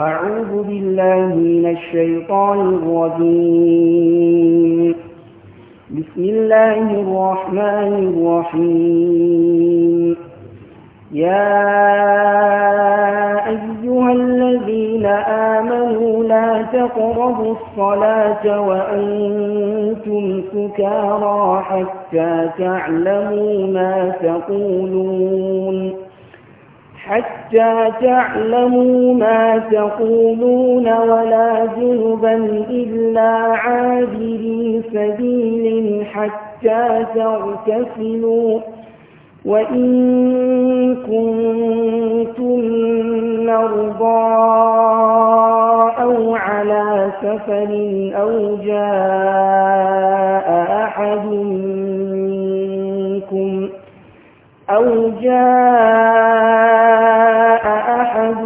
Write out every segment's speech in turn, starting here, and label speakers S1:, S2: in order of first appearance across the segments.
S1: أعوذ بالله من الشيطان الرجيم بسم الله الرحمن الرحيم يا أيها الذين آمنوا لا تقربوا الصلاة وأنتم سكارى حتى تعلموا ما تقولون حتى تعلموا ما تقولون ولا جنبا إلا عابري سبيل حتى تغتسلوا وإن كنتم مرضى أو على سفر أو جاء أحد منكم أو جاء أحد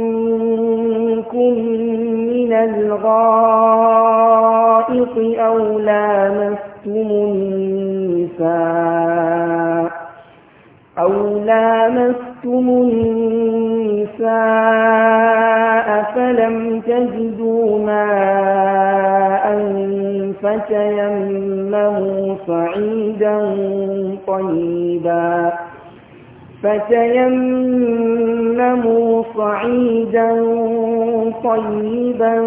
S1: منكم من الغائط أو لامستم النساء أو لامستم النساء فلم تجدوا ماءً فتيمموا صعيدا طيبا فتيمموا صعيدا طيبا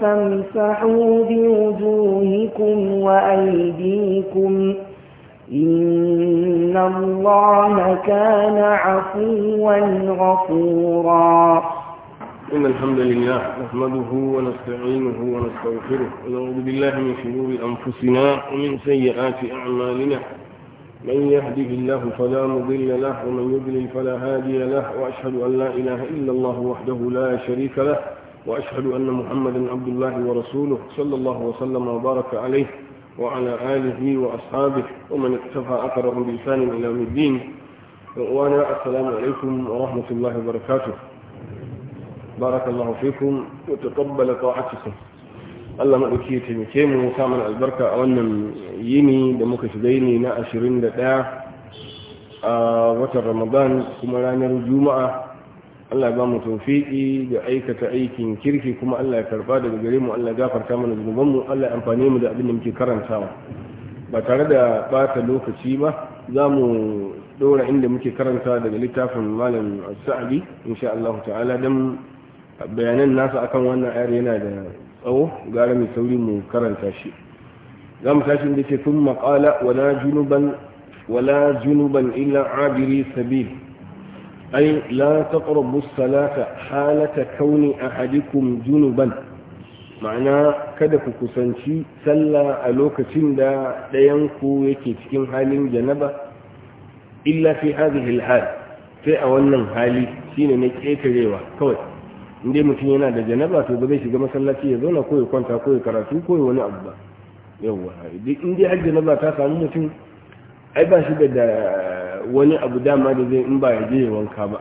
S1: فامسحوا بوجوهكم وأيديكم إن الله كان عفوا غفورا
S2: إن الحمد لله نحمده ونستعينه ونستغفره ونعوذ بالله من شرور أنفسنا ومن سيئات أعمالنا من يهده الله فلا مضل له ومن يضلل فلا هادي له وأشهد أن لا إله إلا الله وحده لا شريك له وأشهد أن محمدا عبد الله ورسوله صلى الله وسلم وبارك عليه وعلى آله وأصحابه ومن اكتفى أثرهم بإحسان إلى الدين وأنا السلام عليكم ورحمة الله وبركاته barakallahu fikum wa taqabbala ta'atukum Allah maɗauki ya taimake mu samun albarka a wannan yini da muka shiga yini na ashirin da 21 a watan Ramadan kuma ranar Juma'a Allah ba mu tawfiki da aikata aikin kirki kuma Allah ya karba daga gare mu Allah ya mana zunuban mu Allah ya amfane mu da abin da muke karantawa ba tare da bata lokaci ba zamu ɗora inda muke karanta daga littafin Malam Sa'adi insha Allah ta'ala dan bayanan nasa akan wannan ayar yana da tsawo gara mai sauri mu karanta shi za mu tashi inda ce sun maƙala wala junuban wala junuban illa abiri sabil ai la taqrabu salata halata kauni ahadikum junuban ma'ana kada ku kusanci sallah a lokacin da ɗayan ku yake cikin halin janaba illa fi hadhihi al sai a wannan hali shine na ƙetarewa kawai inda mutum yana da janaba to ba zai shiga masallaci ya zauna ko ya kwanta ko ya karatu ko ya wani abu ba yawwa in dai har janaba ta samu mutum ai ba shi da wani abu dama da zai in ba ya je ya wanka ba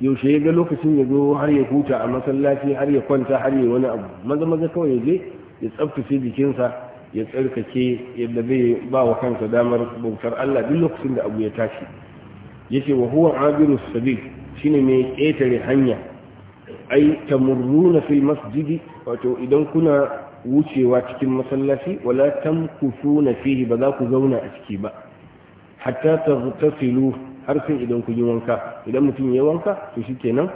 S2: yaushe ya ga lokacin ya zo har ya huta a masallaci har ya kwanta har ya wani abu maza maza kawai ya je ya tsaftace jikinsa ya tsarkake yadda zai ba wa kansa damar bautar Allah duk lokacin da abu ya tashi yace wa huwa abiru sabil shine mai ƙetare hanya ai tamurruna fil masjidi wato idan kuna wucewa cikin masallaci wala tamkusuna fihi ba za ku zauna a ciki ba hatta tagtasilu har sai idan ku yi wanka idan mutum ya wanka to shikenan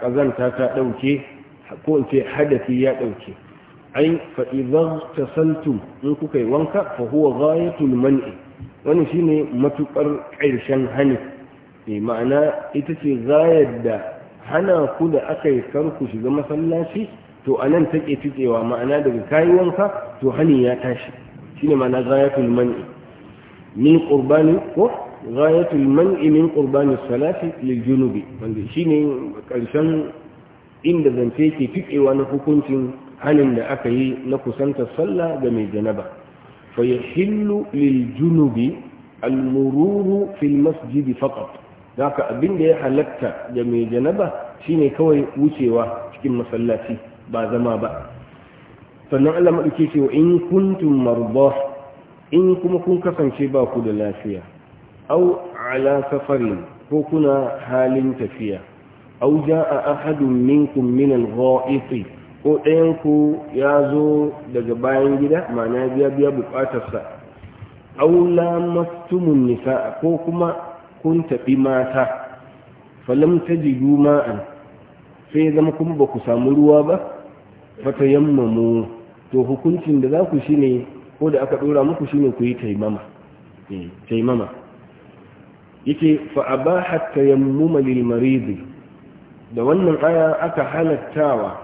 S2: kazanta ta dauke ko in ce hadafi ya dauke ai fa idan tasaltum in kuka yi wanka fa huwa ghayatul man'i Wani shine matukar ƙarshen hani ma'ana ita ce gayar da hana ku da aka yi karku shiga masallaci to a nan take fitsewa ma'ana daga kayi wanka to hani ya tashi shine ma'ana ghayatul man'i min qurbani ko ghayatul man'i min qurbani salati lil junubi wanda shine karshen inda zance ke fitsewa na hukuncin hanin da aka yi na kusantar sallah ga mai janaba fa yahillu lil junubi al mururu fil masjidi faqat haka abin da ya halatta da mai janaba shine kawai wucewa cikin masallaci ba zama ba sannan Allah maɗauke ce wa in kuntum marda in kuma kun kasance ba ku da lafiya au ala safarin ko kuna halin tafiya au ja'a ahadun minkum min al ko ɗayan ku ya zo daga bayan gida ma'ana biya biya buƙatarsa au lamastumun nisa ko kuma kun tafi mata falam ji ma'an sai zama kuma ba ku samu ruwa ba fata yammamu to hukuncin da za ku ne ko da aka dora muku ne ku yi taimama eh, yake fa hatta yammu malil maridi da wannan aya aka halattawa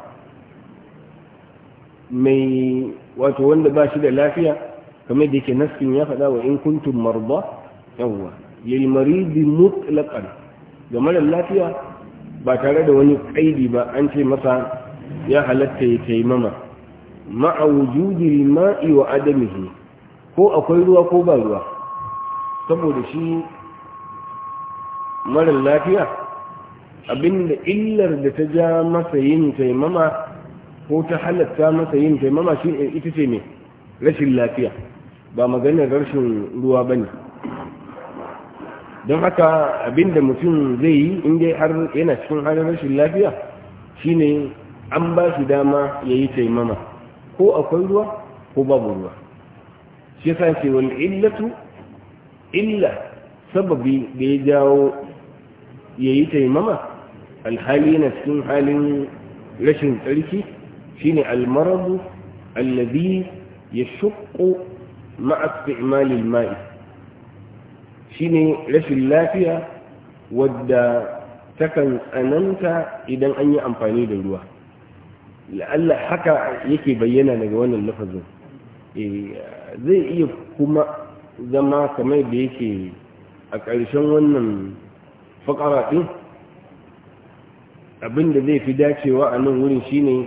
S2: mai wato wanda ba shi da lafiya kamar da yake naskin ya faɗa wa in kuntum marba yawwa lil maridi mutlaqan ga mara lafiya ba tare da wani kaidi ba an ce masa ya halatta ya taimama ma'a wujudi ma'i wa adamihi ko akwai ruwa ko ba ruwa saboda shi mara lafiya abinda illar da ta ja masa yin taimama ko ta halatta masa yin taimama shi ita ce ne rashin lafiya ba maganar rashin ruwa ba ne don haka abinda mutum zai yi inda har yana cikin halin rashin lafiya shine an ba shi dama ya yi taimama ko akwai ruwa ko babu ruwa shi yasa ce wal illatu illa sababi da ya jawo ya yi taimama alhali yana cikin halin rashin tsarki shine almaradu allazi yashqu ma'a isti'malil ma'i shine rashin lafiya wadda takan tsananta idan an yi amfani da ruwa la'alla haka yake bayyana daga wannan lafazin eh, zai iya kuma zama kamar da yake a ƙarshen wannan fakara ɗin abinda zai fi dacewa a nan wurin shine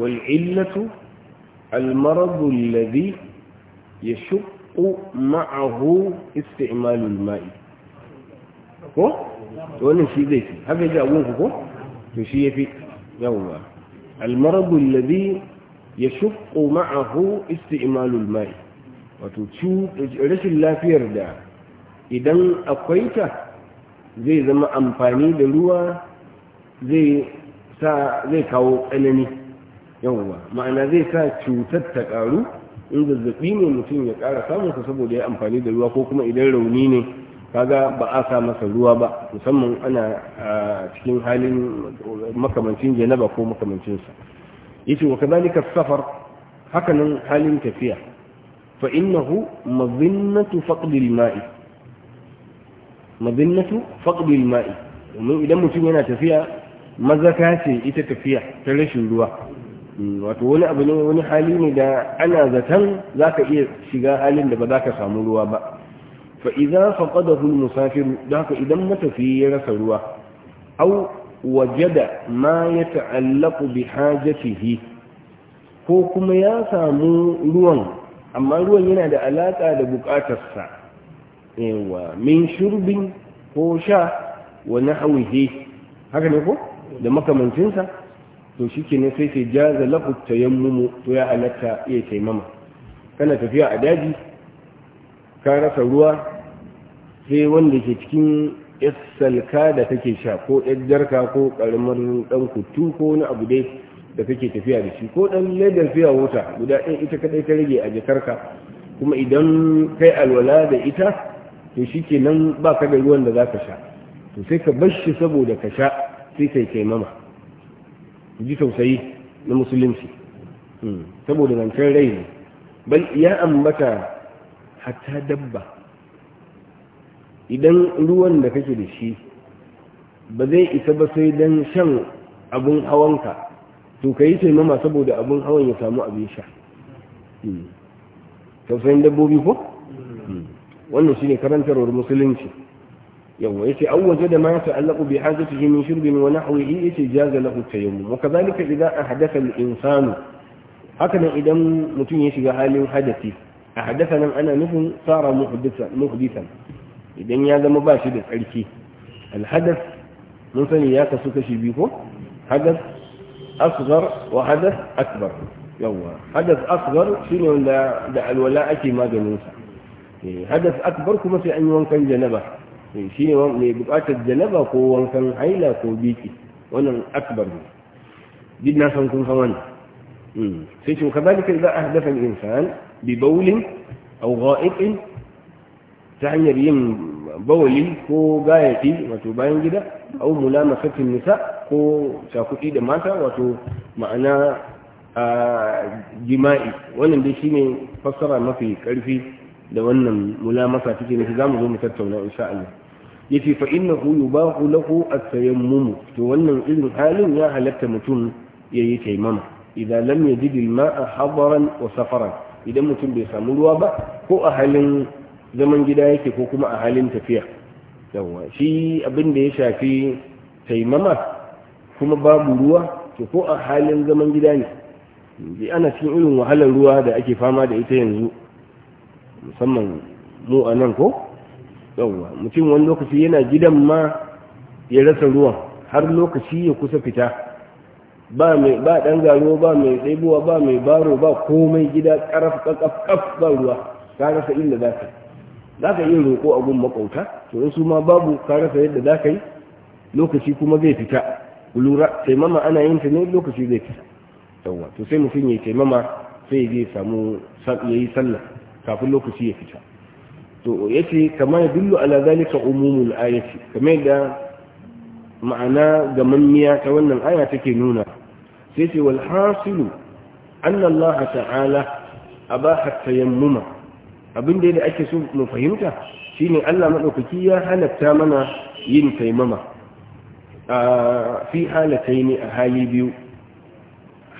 S2: wal'illatu al-maradu alladhi yashukku يشق معه استعمال الماء ko wannan shi zai fi haka ji abun ko to shi ya fi yawwa yawa almarabu ya yashuqqu ma'ahu isti'malu alma'i wato rashin lafiyar da idan akwai ta zai zama amfani da ruwa zai kawo tsanani yawwa ma'ana zai sa cutar ta karu in zazzaɓi ne mutum ya ƙara samun sa saboda ya amfani da ruwa ko kuma idan rauni ne kaga ba a sa masa ruwa ba musamman ana cikin halin makamancin janaba ko makamancin sa yace wa kadhalika safar hakanan halin tafiya fa innahu mazinnatu faqd al-ma'i faqd al-ma'i domin idan mutum yana tafiya mazaka ce ita tafiya ta rashin ruwa Eh, wato wani abu ne wani hali ne da ana zaton za ka iya shiga halin da ba za ka samu ruwa ba fa idan faqadahu al-musafir da ka idan matafiyi ya rasa ruwa au wajada ma ya yata'allaqu bi hajatihi ko kuma ya samu ruwan amma ruwan yana da alaka da buƙatarsa. yawa min shurbin ko sha wa nahwihi haka ne ko da makamancinsa to shi ke sai ce jaza lahu tayammumu to ya halatta iya taimama kana tafiya a daji ka rasa ruwa sai wanda ke cikin salka da take sha ko jarka ko karamar dan kutu ko wani abu dai da kake tafiya da shi ko dan ledar fiya wuta guda ɗaya ita kadai ta rage a jakarka kuma idan kai alwala da ita to shi ke nan ba ka da ruwan da za ka sha to sai ka bar saboda ka sha sai kai taimama ku ji tausayi na musulunci hmm. saboda zancen rai ne bal ya ambata hatta dabba idan ruwan da kake da shi ba zai isa ba sai don shan abun hawanka to ka yi taimama saboda abun hawan ya samu abin sha hmm. tausayin dabbobi ko hmm. wannan shi ne karantarwar musulunci يوم يتي أو وجد ما يتعلق بحاجته من شرب ونحوه يتي جاز له التيمم وكذلك إذا أحدث الإنسان هكذا إذا متين يشي حال حدثي أحدثنا أنا مثل صار محدثا محدثا إذا هذا مباشر الحدث الحدث من ثاني يا كسوك شبيكو حدث أصغر وحدث أكبر يوه حدث أصغر شنو لا أتي ما جنوسا إيه، حدث أكبر كما في أن يوم كان جنبه Eh, shi ne mai bukatar janaba ko wankan haila ko biki wannan akbar ne din na san kun san wannan hmm. sai shi ka zalika za a insan bi baulin au ga'iqin ta hanyar yin bawali ko gayati wato bayan gida au mulamasatin nisa ko cakuɗi da mata wato ma'ana a jima'i wannan dai shine fassara mafi karfi da wannan mulamasa take ne za mu zo mu tattauna insha Allah yace fa innahu yubahu lahu at-tayammum to wannan irin halin ya halatta mutum yayi taimama idan lam yajid al-ma'a hadaran wa safaran idan mutum bai samu ruwa ba ko a halin zaman gida yake ko kuma a halin tafiya yawa shi abin da ya shafi taimama kuma babu ruwa to ko a halin zaman gida ne bi ana cikin irin wahalar ruwa da ake fama da ita yanzu musamman mu anan ko yawwa mutum wani lokaci yana gidan ma ya rasa ruwan har lokaci ya kusa fita ba mai ba dan garo ba mai tsaibuwa ba mai baro ba komai gida karaf kakaf kaf ba ruwa ka rasa inda za ka za ka iya roƙo a gun makauta to in su ma babu ka rasa yadda za ka yi lokaci kuma zai fita lura taimama ana yin ta ne lokaci zai fita yawwa to sai mutum ya taimama sai ya je samu ya yi sallah kafin lokaci ya fita to yace kama yadullu ala zalika umumul ayati kamar da ma'ana gamammiya ta wannan aya take nuna sai ce wal hasilu anna Allah ta'ala abaha tayammuma abin da ake so mu fahimta shine Allah madaukaki ya halatta mana yin taimama a fi ne a hali biyu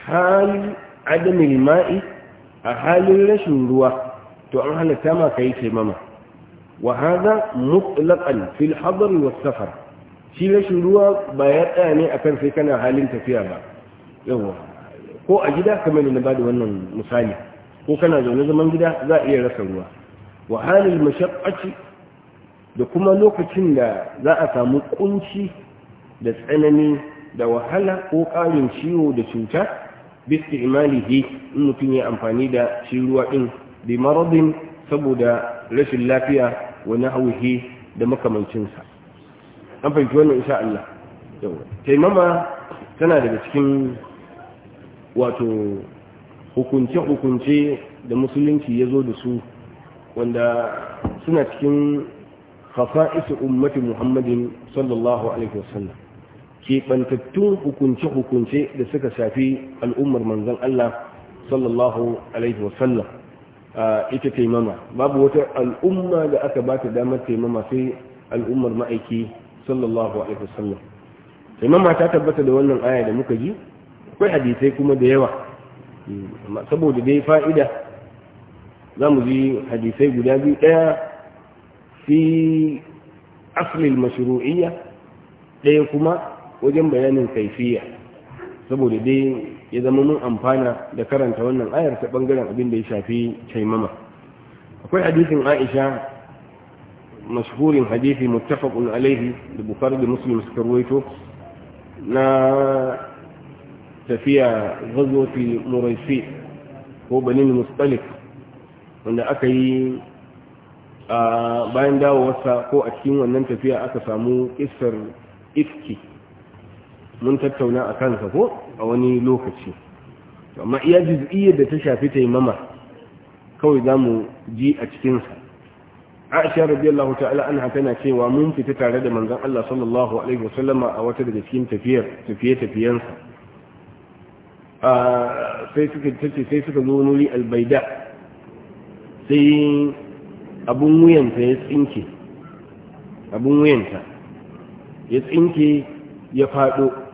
S2: hali adamin ma'i a halin rashin ruwa to an halatta ma kai taimama Wahaza hadha mutlaqan fil hadar was shi rashin ruwa ba ya tsaya ne akan sai kana halin tafiya ba yawa ko a gida kamar na da wannan misali ko kana zaune zaman gida za a iya rasa ruwa wa halil mashaqqati da kuma lokacin da za a samu kunci da tsanani da wahala ko ƙarin ciwo da cuta bisti imalihi in mutum ya amfani da shi ruwa ɗin bi maradin saboda rashin lafiya wani auhi da makamancinsa an fahimci wannan insha Allah taimama tana daga cikin wato hukunce-hukunce da musulunci ya zo da su wanda suna cikin isa ummatin muhammadin sallallahu alaihi wasallam keɓantattun hukunce-hukunce da suka shafi al'ummar manzan Allah sallallahu alaihi wasallam ita taimama babu wata al'umma da aka ba ta damar taimama sai al'ummar ma'aiki sallallahu alaihi wasallam taimama ta tabbata da wannan aya da muka ji akwai hadisai kuma da yawa saboda dai fa'ida za mu ji hadisai guda biyu ɗaya fi asalin mashru'iyya ɗaya kuma wajen bayanin kaifiya saboda dai ya zama mun amfana da karanta wannan ayar ta bangaren abin da ya shafi taimama akwai hadisin aisha mashhurin hadisi muttafaqun alayhi da bukhari da muslim suka ruwaito na tafiya fi muraysi ko banin mustalif wanda aka yi a bayan dawowarsa ko a cikin wannan tafiya aka samu isar ifki mun tattauna a kansa ko a wani lokaci amma iya juz'iyyar da ta shafi taimama kawai za mu ji a cikinsa aisha radiyallahu ta'ala anha tana cewa mun fita tare da manzon Allah sallallahu alaihi wasallama a wata daga cikin tafiyar tafiye tafiyansa sai suka tace sai suka zo nuri albaida sai abun wuyanta ya tsinke abun wuyanta ya tsinke ya fado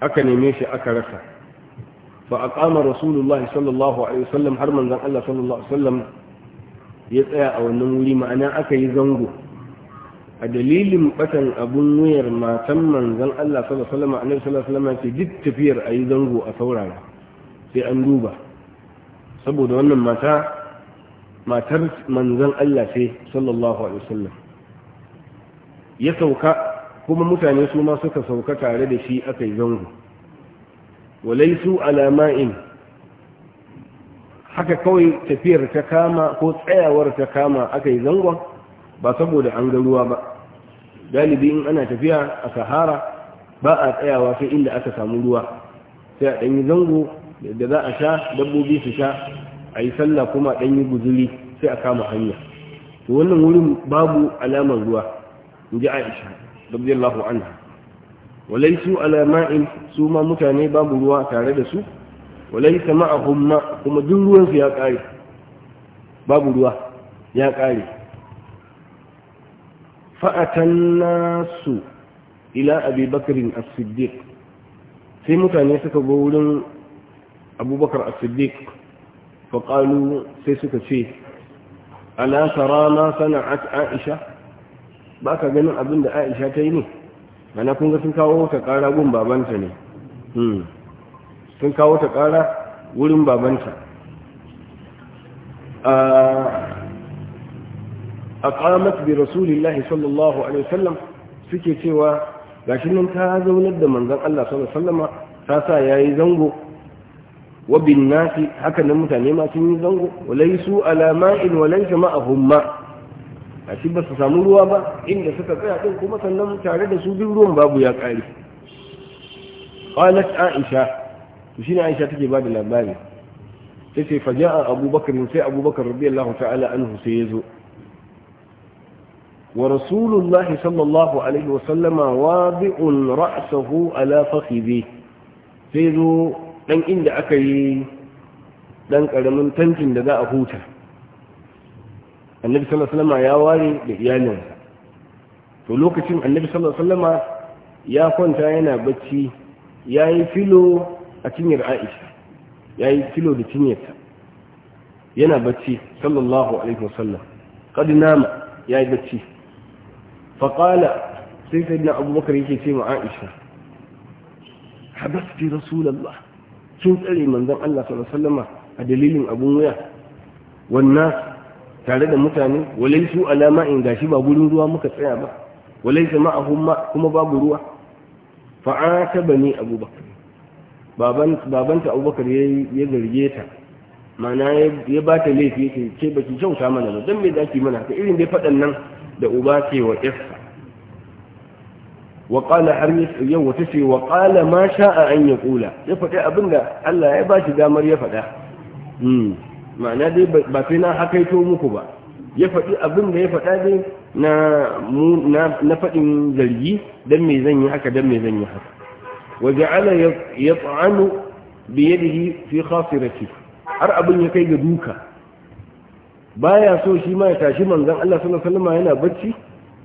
S2: aka neme shi aka rasa ba a kama rasulullahi sallallahu alaihi wasallam har manzan Allah sallallahu alaihi wasallam ya tsaya a wannan wuri ma'ana aka yi zango a dalilin batan abun wuyar matan manzan Allah sallallahu alaihi wasallam annabi sallallahu alaihi wasallam ce duk tafiyar a yi zango a saurara sai an duba saboda wannan mata matar manzan Allah sai sallallahu alaihi wasallam ya sauka kuma mutane su ma suka sauka tare da shi aka yi zango walaisu alama'in haka kawai tafiyar ta kama ko tsayawar ta kama aka yi zangon ba saboda an ga ruwa ba galibi in ana tafiya a sahara ba a tsayawa sai inda aka samu ruwa sai a ɗanyi zango da za a sha dabbobi su sha a yi sallah kuma a ɗanyi guzuri sai a kama hanya to wannan wurin babu alamar ruwa in ji aisha radiyallahu anha walaisu ala ma'in su ma mutane babu ruwa tare da su walaisa ma'ahum ma kuma duk ruwan ya kare babu ruwa ya kare fa'atan nasu ila abi as-siddiq sai mutane suka go wurin abubakar as-siddiq fa sai suka ce ala tara ma aisha ba ka ganin abin da aisha ta yi ne mana kun ga sun kawo ta kara gun babanta ne hmm. sun kawo ta kara wurin babanta a kamar bi rasulillahi sallallahu alaihi wasallam suke cewa gashi nan ta zaunar da manzan Allah sallallahu alaihi wasallama ta sa ya yi zango wa bin nasi haka nan mutane ma sun yi zango walaisu ala ma'in walaysa ma'ahum ma' a shi ba su samu ruwa ba inda suka tsaya din kuma sannan tare da su bin ruwan babu ya kare qalat aisha to shi ne aisha take ba da labari ta tace fa a abubakar sai abubakar radiyallahu ta'ala anhu sai yazo wa rasulullahi sallallahu alaihi wa sallama wadi'un ra'asahu ala fakhidhi sai zo dan inda aka yi dan karamin tankin da za a huta annabi sallallahu alaihi wasallam ya ware da iyalinsa to lokacin annabi sallallahu alaihi wasallam ya kwanta yana bacci yayi filo a cinyar Aisha yayi filo da cinyarta yana bacci sallallahu alaihi wasallam qad nama yayi bacci fa qala sai sayyidina Abubakar yake ce ma Aisha habasti rasulullah kin tsare manzon Allah sallallahu alaihi wasallam a dalilin abun wuya wannan tare da mutane walai su alama in gashi ba gurin ruwa muka tsaya ba walai su ma'ahun ma kuma babu ruwa fa'ata ba ne abubakar babanta abubakar ya zarge ta mana ya ba ta laifi ya ce baki kyauta mana ba don me za ki mana ka irin dai faɗan nan da uba ce wa ƙasa wa ƙala har yau wata ce wa ƙala ma sha'a an ya ƙula ya faɗi abin da Allah ya ba shi damar ya faɗa hmm. ma'ana dai ba sai na hakaito muku ba ya faɗi abin da ya faɗa dai na faɗin zargi don me zan yi haka don me zan yi haka waje ala ya tsanu biyadihi fi khasirati har abin ya kai ga duka baya so shi ma ya tashi manzon Allah sallallahu alaihi wasallam yana bacci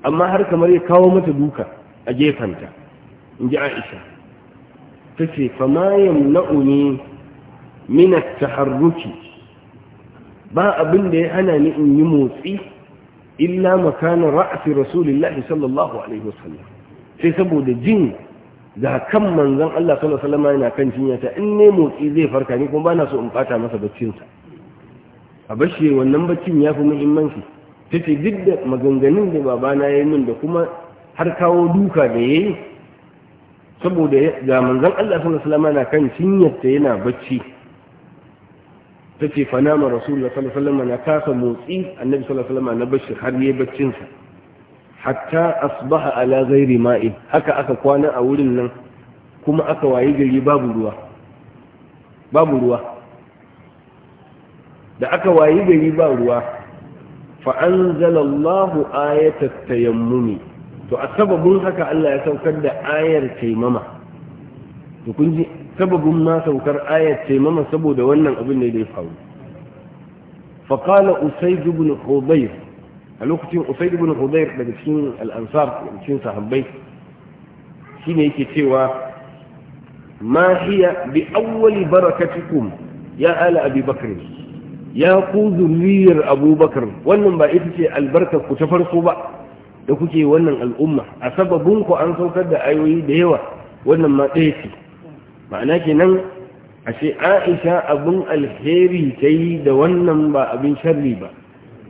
S2: amma har kamar ya kawo mata duka a gefanta inji Aisha tace fa ma yamna'uni min at-taharruki ba abin da ya hana ni in yi motsi illa makanin ra'asi rasulullahi sallallahu alaihi wasallam sai saboda jin ga kan manzon Allah sallallahu alaihi wasallam yana kan jinyata in ne motsi zai farka ni kuma bana so in fata masa baccin sa a bashe wannan baccin ya fi muhimmanci ce duk da maganganun da babana ya yi min da kuma har kawo duka da yayi saboda ga manzon Allah sallallahu alaihi wasallam yana kan jinyata yana bacci tace fa nama rasulullah sallallahu alaihi wasallam na kasa motsi annabi sallallahu alaihi wasallam na bashi har yayi baccin sa hatta asbaha ala ghairi ma'i haka aka kwana a wurin nan kuma aka wayi gari babu ruwa babu ruwa da aka wayi gari ba ruwa fa anzalallahu ayatat tayammumi to a sababin haka Allah ya saukar da ayar taimama to kun ji sababin ma saukar ayat ce mama saboda wannan abin ne da ya faru faƙala dubu na hudayr a lokacin dubu na hudayr daga cikin al'ansar daga cikin sahabbai shine yake cewa ma hiya bi awwali barakatikum ya ala abi bakr ya ku zuriyar abubakar wannan ba ita ce albarkar ku ta farko ba da kuke wannan al'umma a sababin ku an saukar da ayoyi da yawa wannan ma ɗaya ce ma'ana kenan ce aisha abin alheri ta yi da wannan ba abin sharri ba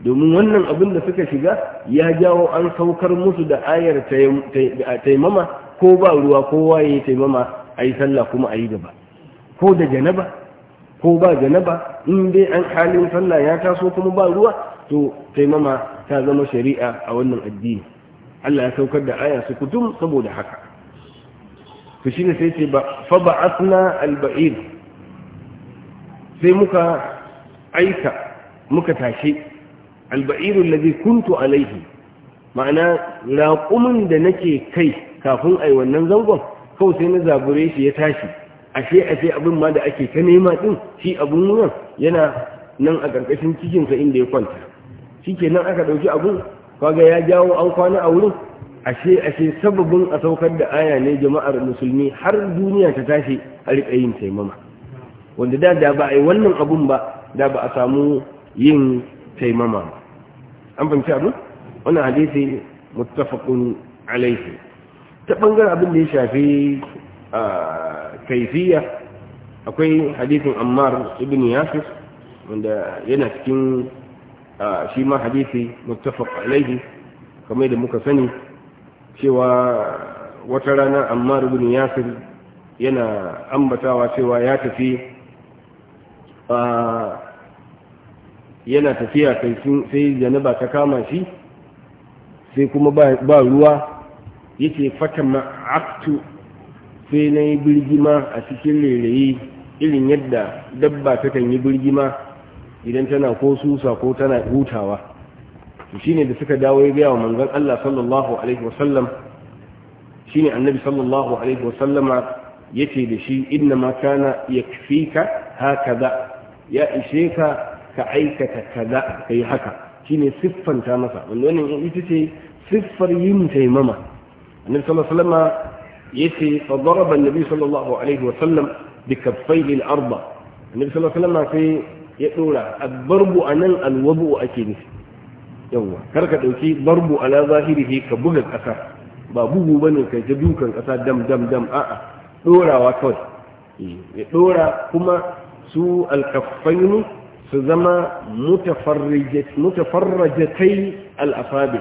S2: domin wannan abin da suka shiga ya jawo an saukar musu da ayar taimama ko ba ruwa ko waye taimama a yi sallah kuma a yi gaba ko da janaba ko ba janaba in dai an halin sallah ya taso kuma ba ruwa to taimama ta zama shari'a a wannan addini Allah ya saukar da aya su kutum saboda haka to shi ne sai ce ba fa ba asna sai muka aika muka tashi al-ba'ir kuntu alaihi, ma'ana raƙumin da nake kai kafin ai wannan zangon kawai sai na zabure shi ya tashi ashe ashe abin ma da ake ta nema ɗin, shi abun nan yana nan a ƙarƙashin cikinsa inda ya kwanta shi ke nan aka ɗauki abin? kaga ya jawo an kwana a wurin ashe ashe sababin a saukar da aya ne jama'ar musulmi har duniya ta tashi a riƙa yin taimama wanda da da ba a yi wannan abun ba da ba a samu yin taimama ba an fahimci abu wannan hadisi mutafakun alaihi ta bangaren abin da ya shafi kaifiya akwai hadisin ammar ibn yasir wanda yana cikin shi ma hadisi mutafakun alaihi kamar da muka sani cewa wata rana ammar ibn yasir yana ambatawa cewa ya tafi a yana tafiya sai janaba ta kama shi sai kuma ba ruwa yake fata ma'aktu sai na yi birgima a cikin rairayi irin yadda dabba ta kan yi birgima idan tana ko susa ko tana hutawa to shine da suka dawo ya gaya wa manzan Allah sallallahu alaihi wasallam shine annabi sallallahu alaihi wasallama yace da shi inna ma kana haka hakaza ya ishe ka ka aikata kaza kai haka shine siffanta masa wanda wannan ita ce siffar yin taimama annabi sallallahu alaihi wasallama ya ce daraba annabi sallallahu alaihi wasallam bi kaffaihi al-arba annabi sallallahu alaihi wasallama sai ya dora abarbu darbu anan alwabu ake nufi yawwa kar ka ɗauki barbu ala zahirihi ka buga ƙasa ba bugu bane kai ta dukan ƙasa dam dam dam a'a dorawa kawai eh, ya dora kuma su alkafainu su zama mutafarrajatai al'asabi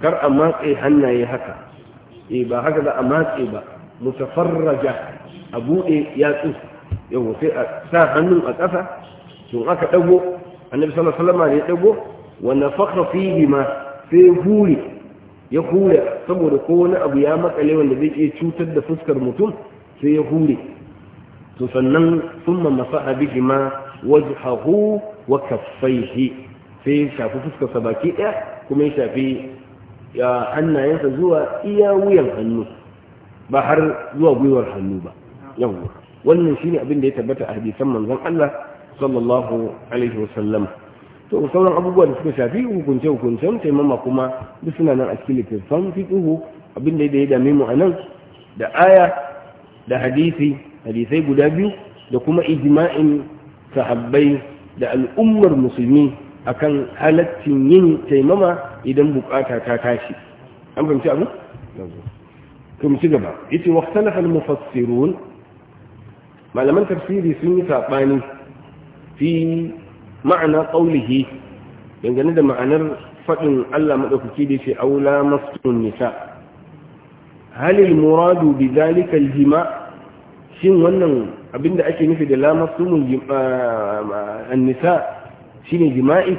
S2: kar a matse hannaye haka e ba haka za a matse ba mutafarraja a buɗe yatsu yau sai a sa hannun a ƙasa tun aka ɗago annabi sallallahu alaihi wasallam ne ya ɗago wanda fakha fihi ma sai ya hure saboda ko wani abu ya makale wanda zai iya cutar da fuskar mutum sai ya hure to sannan masa masaha bihi ma hahu wa shi sai ya shafi fuskarsa baki ɗaya kuma ya shafi hannayensa zuwa iya wuyan hannu ba har zuwa gwiwar hannu ba yawwa wannan shine abin da ya tabbata a hadisan manzon Allah sallallahu alaihi wasallam to sauran abubuwa da suka shafi hukunce hukuncen taimama kuma duk suna nan a cikin littattafan fiqhu abin da ya dame mu anan da aya da hadisi hadisai guda biyu da kuma ijma'in sahabbai da al'ummar musulmi akan halaccin yin taimama idan bukata ta tashi an fahimci abu to ci gaba yace waqtalafa al-mufassirun malaman tafsiri sun yi sabani fi ma'ana qaulihi dangane da ma'anar faɗin Allah madaukaki da yake aula mastun nisa halil muradu bi zalika aljima shin wannan abinda ake nufi da la nisa shine jima'i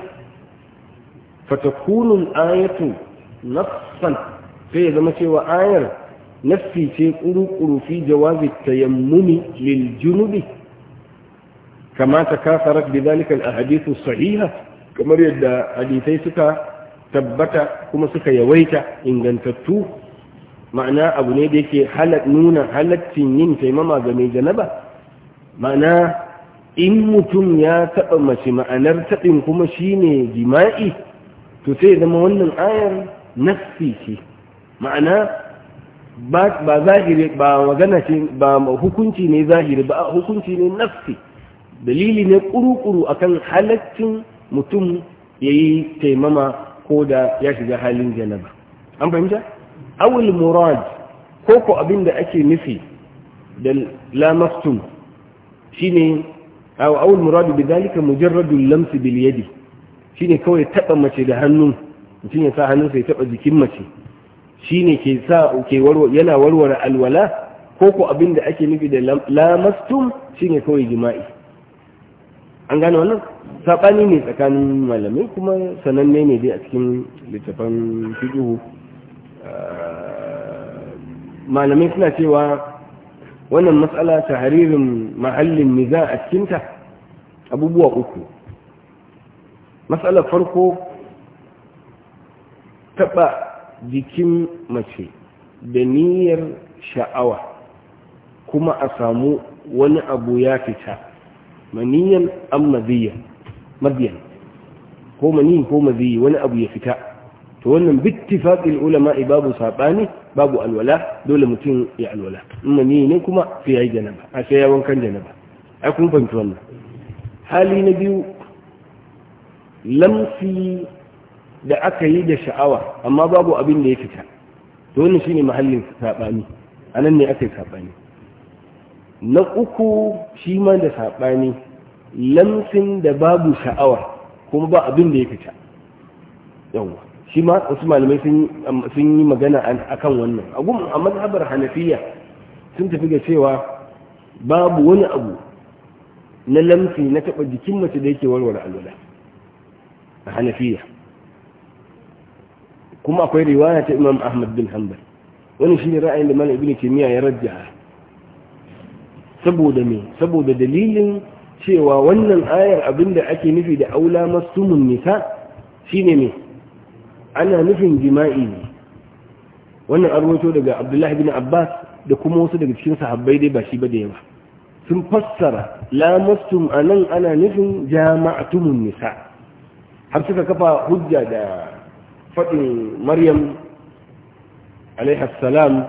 S2: fatakunu ayatu nafsan sai ya zama cewa ayar nafi ce kuru-kuru fi jawabi tayammumi lil junubi kamata takasarat bidhalika zalikan a as-sahiha kamar yadda hadisai suka tabbata kuma suka yawaita ingantattu ma'ana abu ne da yake nuna halaccin yin taimama ga mai janaba ma'ana in mutum ya taɓa mace ma'anar taɓin kuma shine jima'i to sai zama wannan ayar nassi ce ma'ana ba zahiri ba magana ce ba hukunci ne zahiri ba hukunci ne nassi dalili ne kurukuru akan halaccin mutum ya yi taimama ko da ya shiga halin janaba an fahimta awul murad ko ko abin da ake nufi da lamastun shine ne awul murad bi dalika mujarradul lamsi bil yadi shine kawai taba mace da hannun, mutum ya sa hannun ya taba jikin mace ne ke sa ke yana warware alwala ko ko abin da ake nufi da shi shine kawai jima'i an gane wannan saɓani ne tsakanin malamai kuma sananne ne dai a cikin littafan fiƙihu ah, malamai suna cewa wannan matsala ta haririn mahallin niza a cikinta abubuwa uku matsalar farko taɓa jikin mace da niyyar sha'awa kuma a samu wani abu ya fita maniyan am madiyan ko maniyin ko madiyyi wani abu ya fita to wannan bittifaqil ulama babu saɓani babu alwala dole mutum ya alwala in maniyi ne kuma sai yi janaba a sai ya wankan janaba ai kun fahimci wannan hali na biyu lamsi da aka yi da sha'awa amma babu abin da ya fita to wannan shine mahallin a anan ne aka yi saɓani na uku shi ma da saɓani lamsin da babu sha'awa kuma ba abin da ya fita yawa shi ma wasu malamai sun yi magana akan wannan agun a mazhabar hanafiya sun tafi ga cewa babu wani abu na lamsi na taɓa jikin mace da yake warware alwala a hanafiya kuma akwai riwaya ta imam ahmad bin hanbal wani shi ne ra'ayin da malamai ibn kimiyya ya rajja saboda me saboda dalilin cewa wannan ayar abin da ake nufi da aula masumin nisa shine ne ana nufin jima'i ne wannan arwato daga abdullahi bin abbas da kuma wasu daga cikin sahabbai dai ba shi ba da yawa sun fassara lamastum a nan ana nufin jama'atumun nisa har suka kafa hujja da faɗin maryam alaihassalam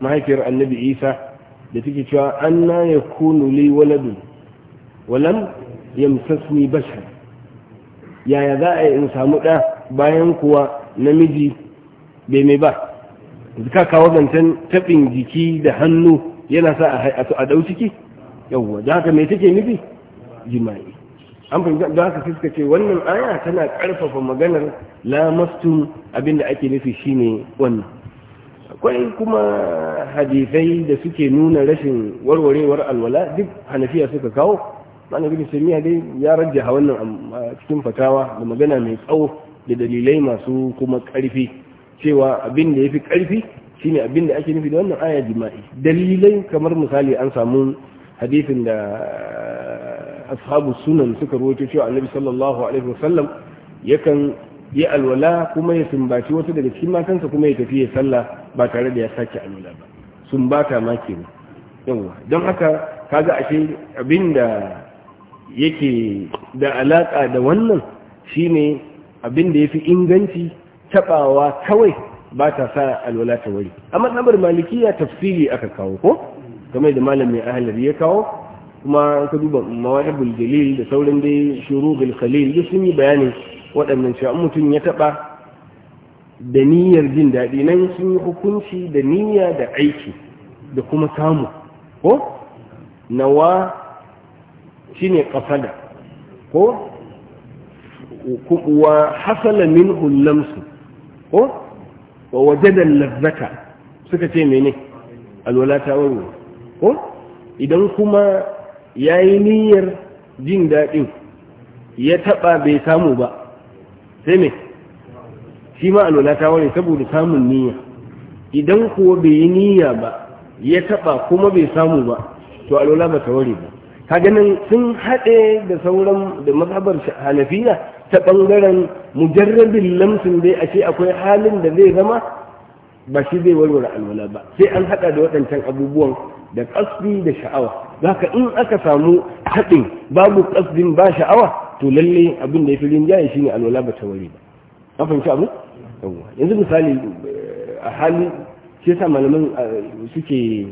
S2: mahaifiyar annabi isa da take cewa an na ya kunu li waladun ولم يمسسني بشر yaya za a in samu ɗa bayan kuwa namiji bai mai ba ka kawo zancen taɓin jiki da hannu yana sa a تيكي يوا yawwa مي haka نبي جماعي nufi jima'i an fahimta da wannan aya tana ƙarfafa maganar lamastun abinda ake nufi shine wannan akwai kuma hadisai da suke nuna rashin warwarewar alwala duk hanafiya suka kawo malam ibn taymiya dai ya rajjaha wannan cikin fatawa da magana mai tsawo da dalilai masu kuma karfi cewa abin da yafi karfi shine abin da ake nufi da wannan aya jima'i dalilai kamar misali an samu hadisin da eh, ashabu sunan suka rawaito cewa annabi sallallahu alaihi wasallam yakan yi alwala kuma ya sumbaci wasu daga cikin matansa kuma ya tafi ya sallah ba tare da ya sake alwala ba sumbata ma kenan yawa don haka kaga ashe abinda yake da alaƙa da wannan shine abin da ya fi inganci taɓawa kawai ba ta sa alwala ta wari a matsabar malikiya tafsiri aka kawo ko game da malam mai ahalar ya kawo kuma an ka duba mawahibul dalil da sauran dai shuruhul khalil duk sun yi bayanin waɗannan cewa mutum ya taɓa da niyyar jin daɗi nan sun yi hukunci da niyya da aiki da kuma samu ko nawa shine ƙasada. ko wa hasala minhu lamsu ko wa wajada lazzata suka ce mene alwalata ta wani ko idan kuma yayi niyyar jin daɗin ya taɓa bai samu ba sai me shi ma alwalata ta wani saboda samun niyya idan kuwa bai yi niyya ba ya taɓa kuma bai samu ba to alwala ba ta ware ba ka ganin sun haɗe da sauran da mazhabar hanafiya ta ɓangaren mujarrabin lamsin dai a ce akwai halin da zai zama ba shi zai warware alwala ba sai an haɗa da waɗancan abubuwan da ƙasbi da sha'awa za ka in aka samu haɗin babu ƙasbin ba sha'awa to lalle abin da ya fi shi shine alwala ba ta wari ba fahimci abu yanzu misali eh, a hali shi sa malaman eh, suke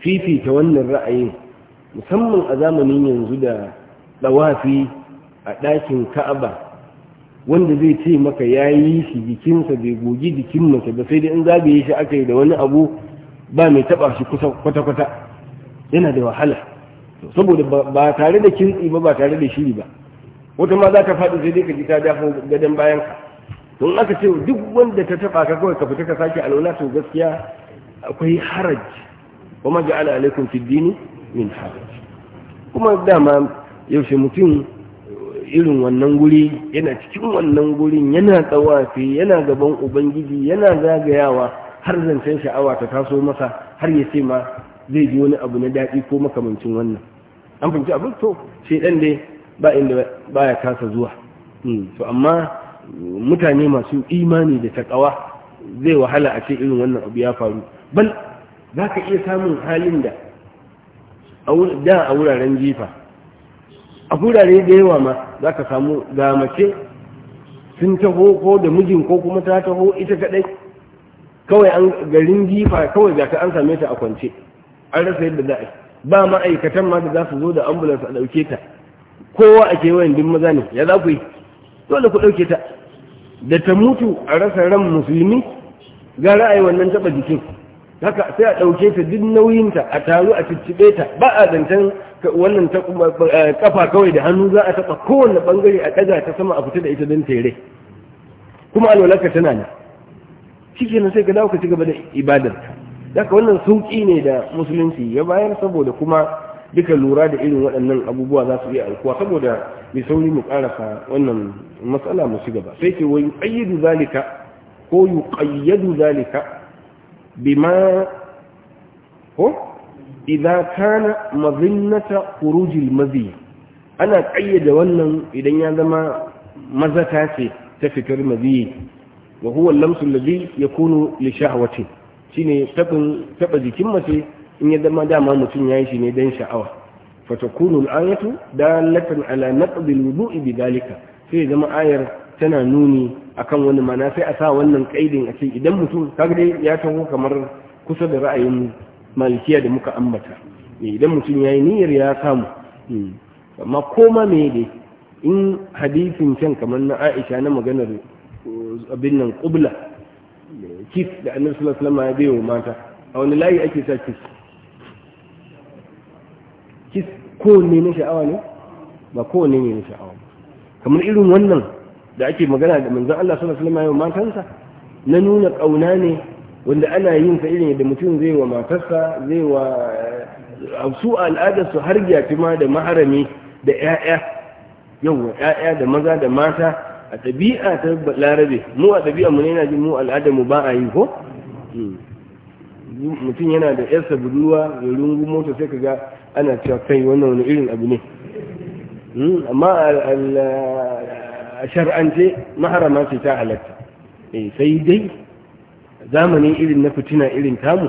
S2: fifita wannan ra'ayin musamman a zamanin yanzu da ɗawafi a ɗakin ka'aba wanda zai ce maka ya yi shi jikinsa bai gogi jikin mace ba sai dai in zagaye shi aka yi da wani abu ba mai taɓa shi kusa kwata-kwata yana da wahala saboda ba tare da kintsi ba ba tare da shiri ba wata ma za ka faɗi sai dai ka ji ta dafa gadon bayan ka don aka ce duk wanda ta taɓa ka kawai ka fita ka sake alwala to gaskiya akwai haraj, wa ma ja'ala alaikum fid min haraj kuma dama yaushe mutum irin wannan guri yana cikin wannan gurin yana tsawafi yana gaban ubangiji yana zagayawa har zancen sha'awa ta taso masa har ya ce ma zai ji wani abu na daɗi ko makamancin wannan an fahimci abin to sai ɗan dai ba inda baya kasa zuwa hmm, to amma mutane masu imani da taƙawa zai wahala a ce irin wannan abu ya faru bal za ka iya samun halin da da a wuraren jifa a wurare da yawa ma za ka samu ga mace sun taho ko da mijin ko kuma ta taho ita kadai kawai an garin jifa kawai ga ka an same ta a kwance an rasa yadda za a ba ma'aikatan ma da za su zo da ambulance a ɗauke ta kowa a kewayen din maza ne ya za ku yi dole ku ɗauke ta da ta mutu a rasa ran musulmi gara a wannan taɓa jikin haka sai a ɗauke ta duk nauyinta a taru a cicciɓe ta ba a zancen wannan kafa eh, kawai da hannu za a taɓa kowane ɓangare a ɗaga ta sama a fita da ita don tere kuma alwalarka tana ne shi na sai ka dawo ka ci gaba da ibadar daga wannan sauƙi ne da musulunci ya bayar saboda kuma duka lura da irin waɗannan abubuwa za su iya aukuwa saboda mai sauri mu ƙarasa wannan matsala mu ci gaba sai ce wai ƙayyadu zalika ko yi ƙayyadu zalika bima ko idza kana mazinnata khurujil mazi ana kayyada wannan idan ya zama mazatace ce ta fitar mazi wa huwa al-lamsu alladhi yakunu li shahwati shine tabin taba jikin mace in ya zama dama mutum ya yi shine dan sha'awa fatakunu al-ayatu dalatan ala naqdi al-wudu'i bidalika sai zama ayar tana nuni akan wani mana sai a sa wannan kaidin a ce idan mutum kagre ya taho kamar kusa da ra'ayin malikiya da muka ambata eh, idan mutum ya yi niyyar ya samu hmm. amma koma me dai in hadisin can kamar na Aisha na maganar uh, abin nan kubla kif da Annabi sallallahu alaihi wasallam ya bayo mata a wani layi ake sa kif kif ko ne na sha'awa ne ba ko ne ne na sha'awa kamar irin wannan da ake magana da manzon Allah sallallahu alaihi wasallam matansa na nuna kauna ne wanda ana yin sa irin da mutum zai wa matarsa zai wa eh, su al'ada su har gyafi ma da maharami da ƴaƴa yawa ƴaƴa da maza da mata a ɗabi'a ta larabe mu a ɗabi'a mu ne yana jin mu al'ada mu ba a yi ko hmm. mutum yana da yarsa budurwa da rungu mota sai kaga ana cewa kai wannan wani irin abu ne hmm, amma a shar'ance maharama ce ta halatta eh, sai dai zamani irin na fitina irin tamu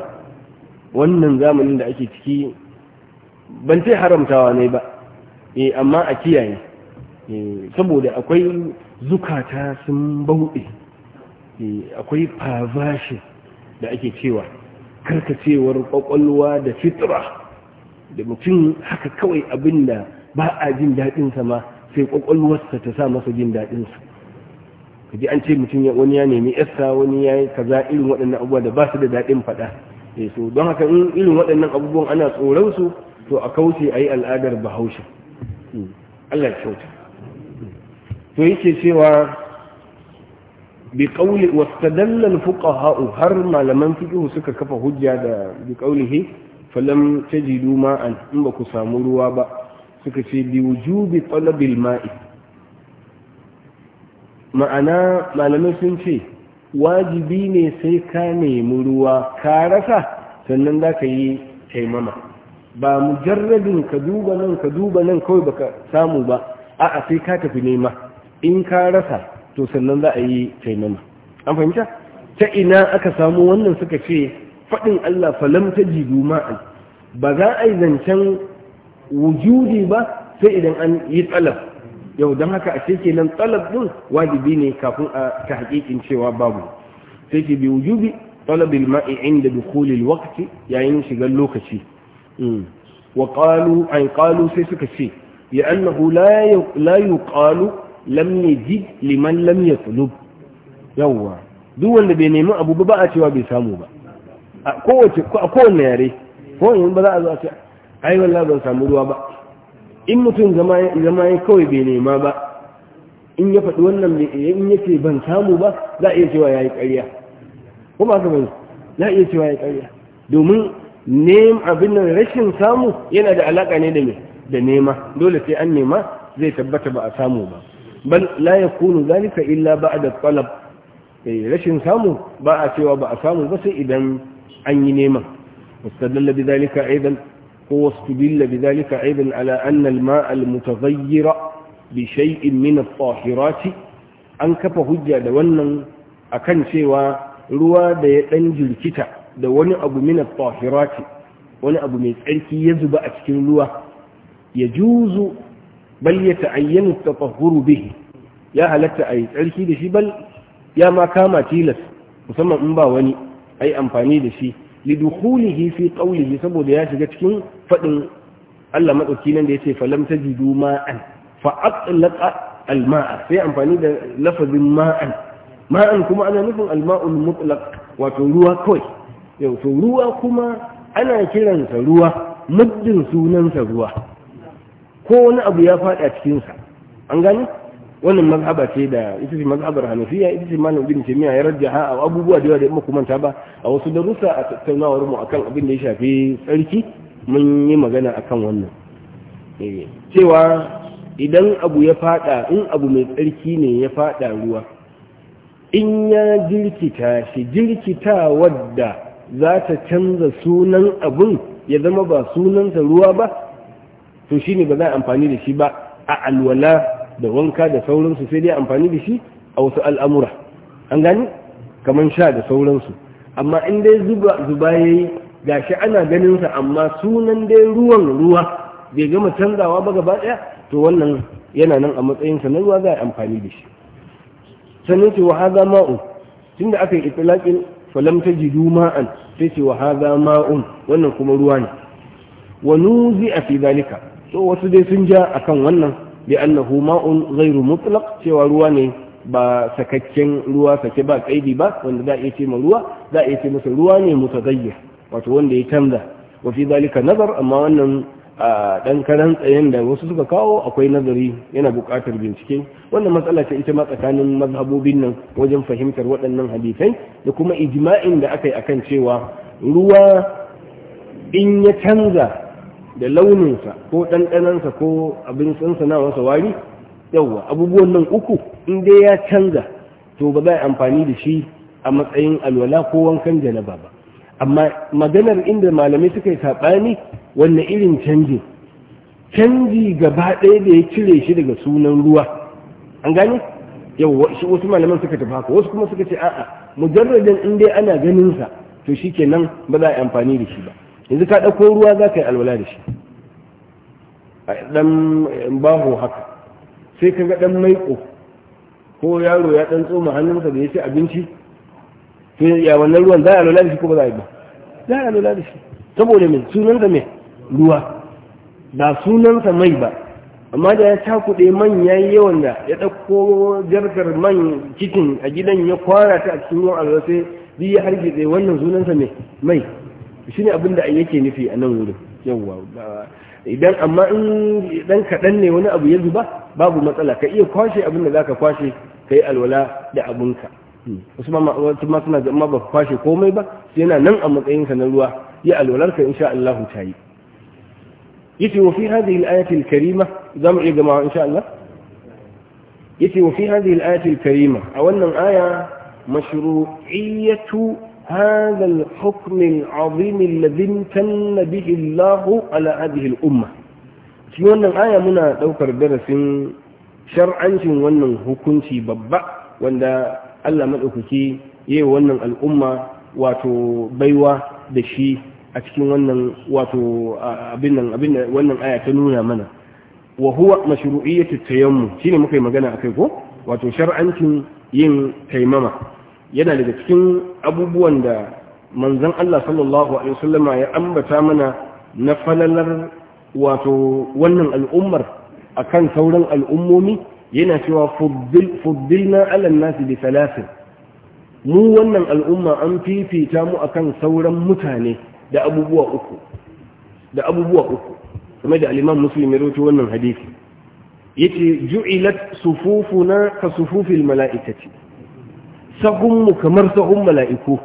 S2: wannan zamanin da ake ciki ban sai haramtawa ne ba eh, amma a kiyaye eh, saboda akwai zukata sun bauɗe akwai fazashi da ake cewa karkacewar kwakwalwa da fitra da mutum haka kawai abin da ba a jin daɗin ma. sai kwakwalwarsa ta sa masa jin daɗin su kaji an ce mutum wani ya nemi yasa wani ya yi kaza irin waɗannan abubuwa da ba su da daɗin faɗa eh so don haka in irin waɗannan abubuwan ana tsoron su to a kauce a yi al'adar bahaushe hmm. Allah ya kyauta to yake cewa bi qawli wastadalla al-fuqaha har malaman fiqh suka kafa hujja da bi qawlihi falam tajidu ma'an in ba ku samu ruwa ba suka ce bi wujubi talabil ma'i ma'ana malamai sun ce wajibi ne sai ka nemi ruwa ka rasa sannan za ka yi taimama ba mujarradin ka duba nan ka duba nan kawai baka samu ba a'a sai ka tafi nema in ka rasa to sannan za a yi taimama an fahimta ta ina aka samu wannan suka ce faɗin Allah falam ta jidu ma'an ba za a yi zancen wujudi ba sai idan an yi tsalab yau don haka a ce kenan tsalab din wajibi ne kafin a ta hakikin cewa babu sai ke bi wujubi talabil ma'i inda dukhulil waqti yayin shigar lokaci hmm. wa qalu ay qalu sai suka ce ya annahu la la yuqalu lam yajid liman lam yatlub yawa duk wanda bai nemi abu ba a cewa bai samu ba a kowace a kowanne yare ko in ba za a zo a ce ai wallahi ban samu ruwa ba in mutum zama zama ya kawai bai nema ba in ya faɗi wannan in ya ce ban samu ba za a iya cewa ya yi ƙarya ko ba ka bane za a iya cewa ya yi ƙarya domin nem abin nan rashin samu yana da alaƙa ne da me da nema dole sai an nema zai tabbata ba a samu ba bal la yakunu zalika illa ba'da talab eh rashin samu ba a cewa ba a samu ba sai idan an yi neman mustadalla bi zalika aidan واستدل بذلك أيضا على أن الماء المتغير بشيء من الطاهرات an kafa hujja da wannan akan cewa ruwa da ya ɗan jirkita da wani abu mina tahirati wani abu mai tsarki ya zuba a cikin ruwa ya juzu bal ya ta'ayyanu tatahuru bihi ya halatta a yi tsarki da shi bal ya ma kama tilas musamman in ba wani a yi amfani da shi lidukhulihi fi qawlihi saboda ya shiga cikin fadin Allah madauki nan da yace falam tajidu ma'an fa atlaqa alma'a sai amfani da lafazin ma'an ma'an kuma ana nufin alma'ul mutlaq wato ruwa kawai yau to ruwa kuma ana kiransa ruwa muddin sunansa ruwa ko wani abu ya fada cikin sa an gani wannan mazhaba ce da ita ce mazhabar hanafiya ita ce malam ibn taymiya ya rajjaha a abubuwa da yawa da muku manta ba a wasu darussa a tattaunawar mu akan abin da ya shafi tsarki mun yi magana akan wannan eh, cewa idan abu ya fada in abu mai tsarki ne ya fada ruwa in ya jirkita shi jirkita wadda za ta canza sunan abun ya zama ba sunansa ruwa ba to shine ba za a amfani da shi ba a alwala da wanka da sauransu sai dai amfani da shi a wasu al'amura an gani kamar sha da sauransu amma in dai zuba zuba yayi gashi ana ganinsa. amma sunan dai ruwan ruwa bai gama canzawa ba gaba ɗaya, to wannan yana nan a matsayin sa na ruwa za a amfani da shi sannan ce wa haza ma'un da aka yi itilakin falam tajidu ma'an sai ce wa haza ma'un wannan kuma ruwa ne wa nuzi a fi zalika To wasu dai sun ja akan wannan bi annahu ma'un ghairu mutlaq cewa ruwa ne ba sakakken ruwa sake ba kaidi ba wanda za a ce ma ruwa za a ce masa ruwa ne mutagayyir wato wanda ya canza wa fi zalika nazar amma wannan dan karan tsayen da wasu suka kawo akwai nazari yana buƙatar bincike wannan matsala ce ita ma tsakanin mazhabobin nan wajen fahimtar waɗannan hadisai da kuma ijma'in da aka yi akan cewa ruwa in ya canza da launinsa ko ɗanɗanansa ko abin na wasa wari yauwa abubuwan nan uku in dai ya canza to ba za amfani da shi a matsayin alwala ko wankan janaba ba amma maganar inda malamai suka yi saɓani wanne irin canji canji gaba ɗaya da ya cire shi daga sunan ruwa an gane Yau wasu malaman suka tafi haka wasu kuma suka ce a'a mujarradin in dai ana ganin sa to shikenan ba za a yi amfani da shi ba yanzu ka ɗauko ruwa za ka yi alwala da shi a ɗan baho haka sai ka ga ɗan maiƙo ko yaro ya ɗan tsoma sa da ya ce abinci to ya wannan ruwan za a alwala da shi ko ba za a yi ba za a alwala da shi saboda mai sunansa mai ruwa ba sunansa mai ba amma da ya cakuɗe man ya yi yawan da ya ɗauko jarkar man cikin a gidan ya kwara ta a cikin ruwan alwala sai duk ya hargitse wannan sunansa mai mai shine abin da yake nufi a nan wurin yawwa idan amma in dan kaɗan ne wani abu ya zuba babu matsala ka iya kwashe abin da za ka kwashe ka yi alwala da abunka hmm. wasu ma suna zama ba ka kwashe komai ba yana nan a matsayinka na ruwa ya alwalarka insha Allah ta yi yace wa fi hadhihi al-ayati al-karima zamu iya gama insha Allah yace wa fi hadhihi al-ayati al-karima a wannan aya mashru'iyyatu هذا الحكم العظيم الذي امتن به الله على هذه الأمة في wannan aya muna ɗaukar darasin shar'ancin wannan hukunci babba wanda Allah madaukaki yayi wannan al'umma wato baiwa da shi a cikin wannan wato abin nan wannan aya ta nuna mana wa huwa mashru'iyyatu tayammum shine muka yi magana akai ko wato shar'ancin yin taimama yana daga cikin abubuwan da manzon Allah sallallahu alaihi wasallama ya ambata mana na falalar wato wannan al'ummar akan sauran al'ummomi yana cewa fuddilna ala nasi bi salasin mu wannan al'umma an fifita mu akan sauran mutane da abubuwa uku da abubuwa uku kuma da al-Imam Muslim ya rawaito wannan hadisi yace ju'ilat sufufuna ka sufufil mala'ikati sahunmu kamar sahun mala'iku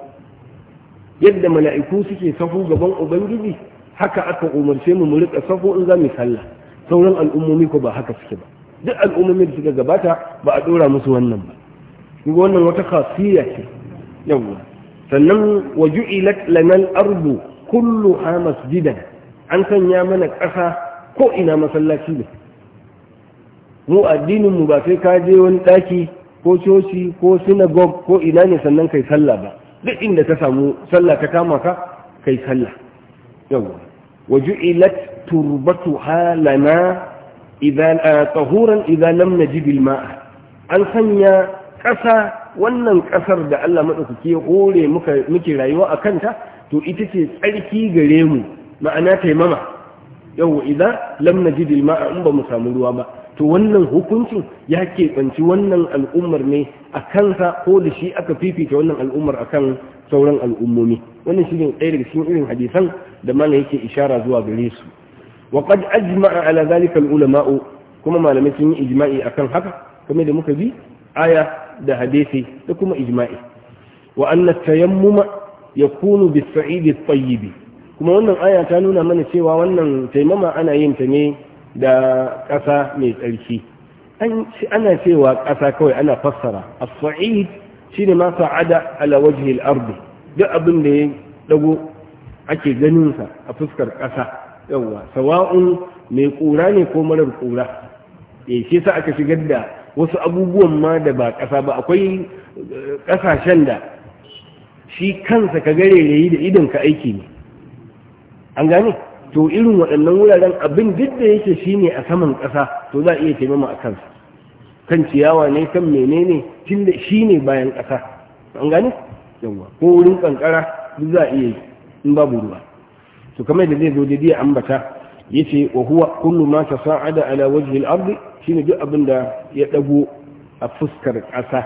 S2: yadda mala'iku suke sahu gaban ubangiji haka aka umarce mu mu rika safu in za mu sallah sauran al'ummomi ko ba haka suke ba duk al'ummomi da suka gabata ba a dora musu wannan ba kuma wannan wata khasiyya ce yawa sannan wa ju'ilat lana al-ardu kulluha masjidan an sanya mana ƙasa ko ina masallaci ne mu addinin mu ba sai ka je wani ɗaki. ko coci ko synagogue ko ina ne sannan kai sallah ba duk inda ka samu sallah ta kama ka kai sallah yawa ila تربتها لنا إذا طهورا إذا لم نجد الماء an sanya ƙasa wannan ƙasar da Allah maɗaukaki ya ƙore muke rayuwa a kanta to ita ce tsarki gare mu ma'ana taimama yawa idan lam najid al-ma'a in ba mu samu ruwa ba to wannan hukuncin ya keɓanci wannan al'ummar ne a kansa ko da shi aka fifita wannan al'ummar akan sauran al'ummomi wannan shi ne ɗaya daga cikin irin hadisan da mana yake ishara zuwa gare su wa qad ajma'a ala zalika al-ulama'u kuma malamai sun yi ijma'i akan haka kuma da muka bi aya da hadisi da kuma ijma'i wa anna tayammuma yakunu bis-sa'id at-tayyib kuma wannan aya ta nuna mana cewa wannan taimama ana yin ta ne da ƙasa mai tsarki ana cewa ƙasa kawai ana fassara as-sa'id shine ma sa'ada ala wajhi al duk abin da ya dago ake ganinsa a fuskar ƙasa yawa sawa'un mai ƙura ne ko marar kura eh, Ya ce sa aka shigar da wasu abubuwan ma da ba ƙasa ba akwai eh, ƙasashen da shi kansa ka gare da yi ka aiki ne an gane to irin waɗannan wuraren abin duk da yake ne a saman ƙasa to za a iya taimama a kansa kan ciyawa ne kan menene tun da ne bayan ƙasa an gani yawa ko wurin ƙanƙara duk za a iya yi in babu ruwa to kamar da zai zo da diya ambata yace wa huwa kullu ma tasa'ada ala wajhi al shine duk abin da ya dago a fuskar ƙasa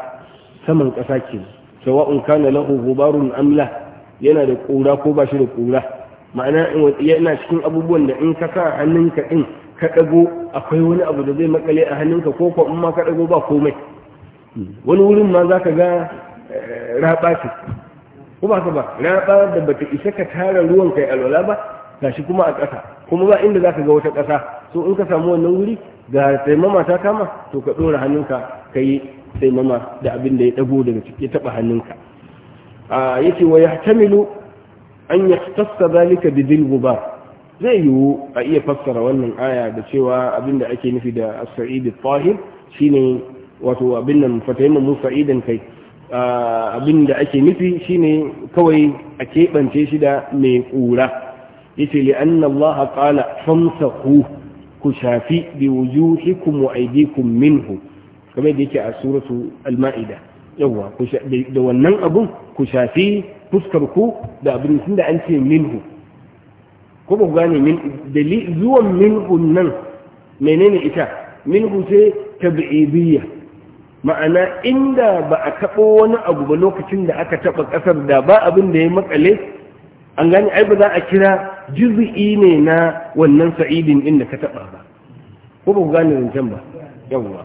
S2: saman ƙasa ke sawa'un kana lahu ghubarun amla yana da ƙura ko ba shi da ƙura ma'ana yana cikin abubuwan da in ka sa hannunka in ka dago akwai wani abu da zai makale a hannunka ko ko in ma ka dago ba komai wani wurin ma zaka ga eh, raba ce ko ba ka ba raba da bata isa ka tara ruwan kai alwala ba gashi kuma a ƙasa kuma ba inda zaka ga wata ƙasa so in ka samu wannan wuri ga taimama ta kama to ka dora hannunka kai taimama da abin da ya dago daga ciki ya taba hannunka a ah, yace wa ya tamilu an ya tassa zalika bi dil ba zai yiwu a iya fassara wannan aya da cewa abinda ake nufi da as tahir shine wato abin nan fatayna mu idan kai abinda ake nufi shine kawai a keɓance shi da mai ƙura yace li anna Allah qala famsahu ku shafi bi wujuhikum wa aydikum minhu kamar da yake a suratu al-ma'ida yawa da wannan abun ku shafi fuskar ku da abin sun da an ce minhu ko ba ku gane min dali zuwan minhu nan menene ita minhu ce tabi'idiyya ma'ana inda ba a taɓo wani abu ba lokacin da aka taɓa ƙasar da ba abin da ya makale an gane ai ba za a kira juz'i ne na wannan sa'idin din da ka taɓa ba ko ba ku gane zancen ba yawwa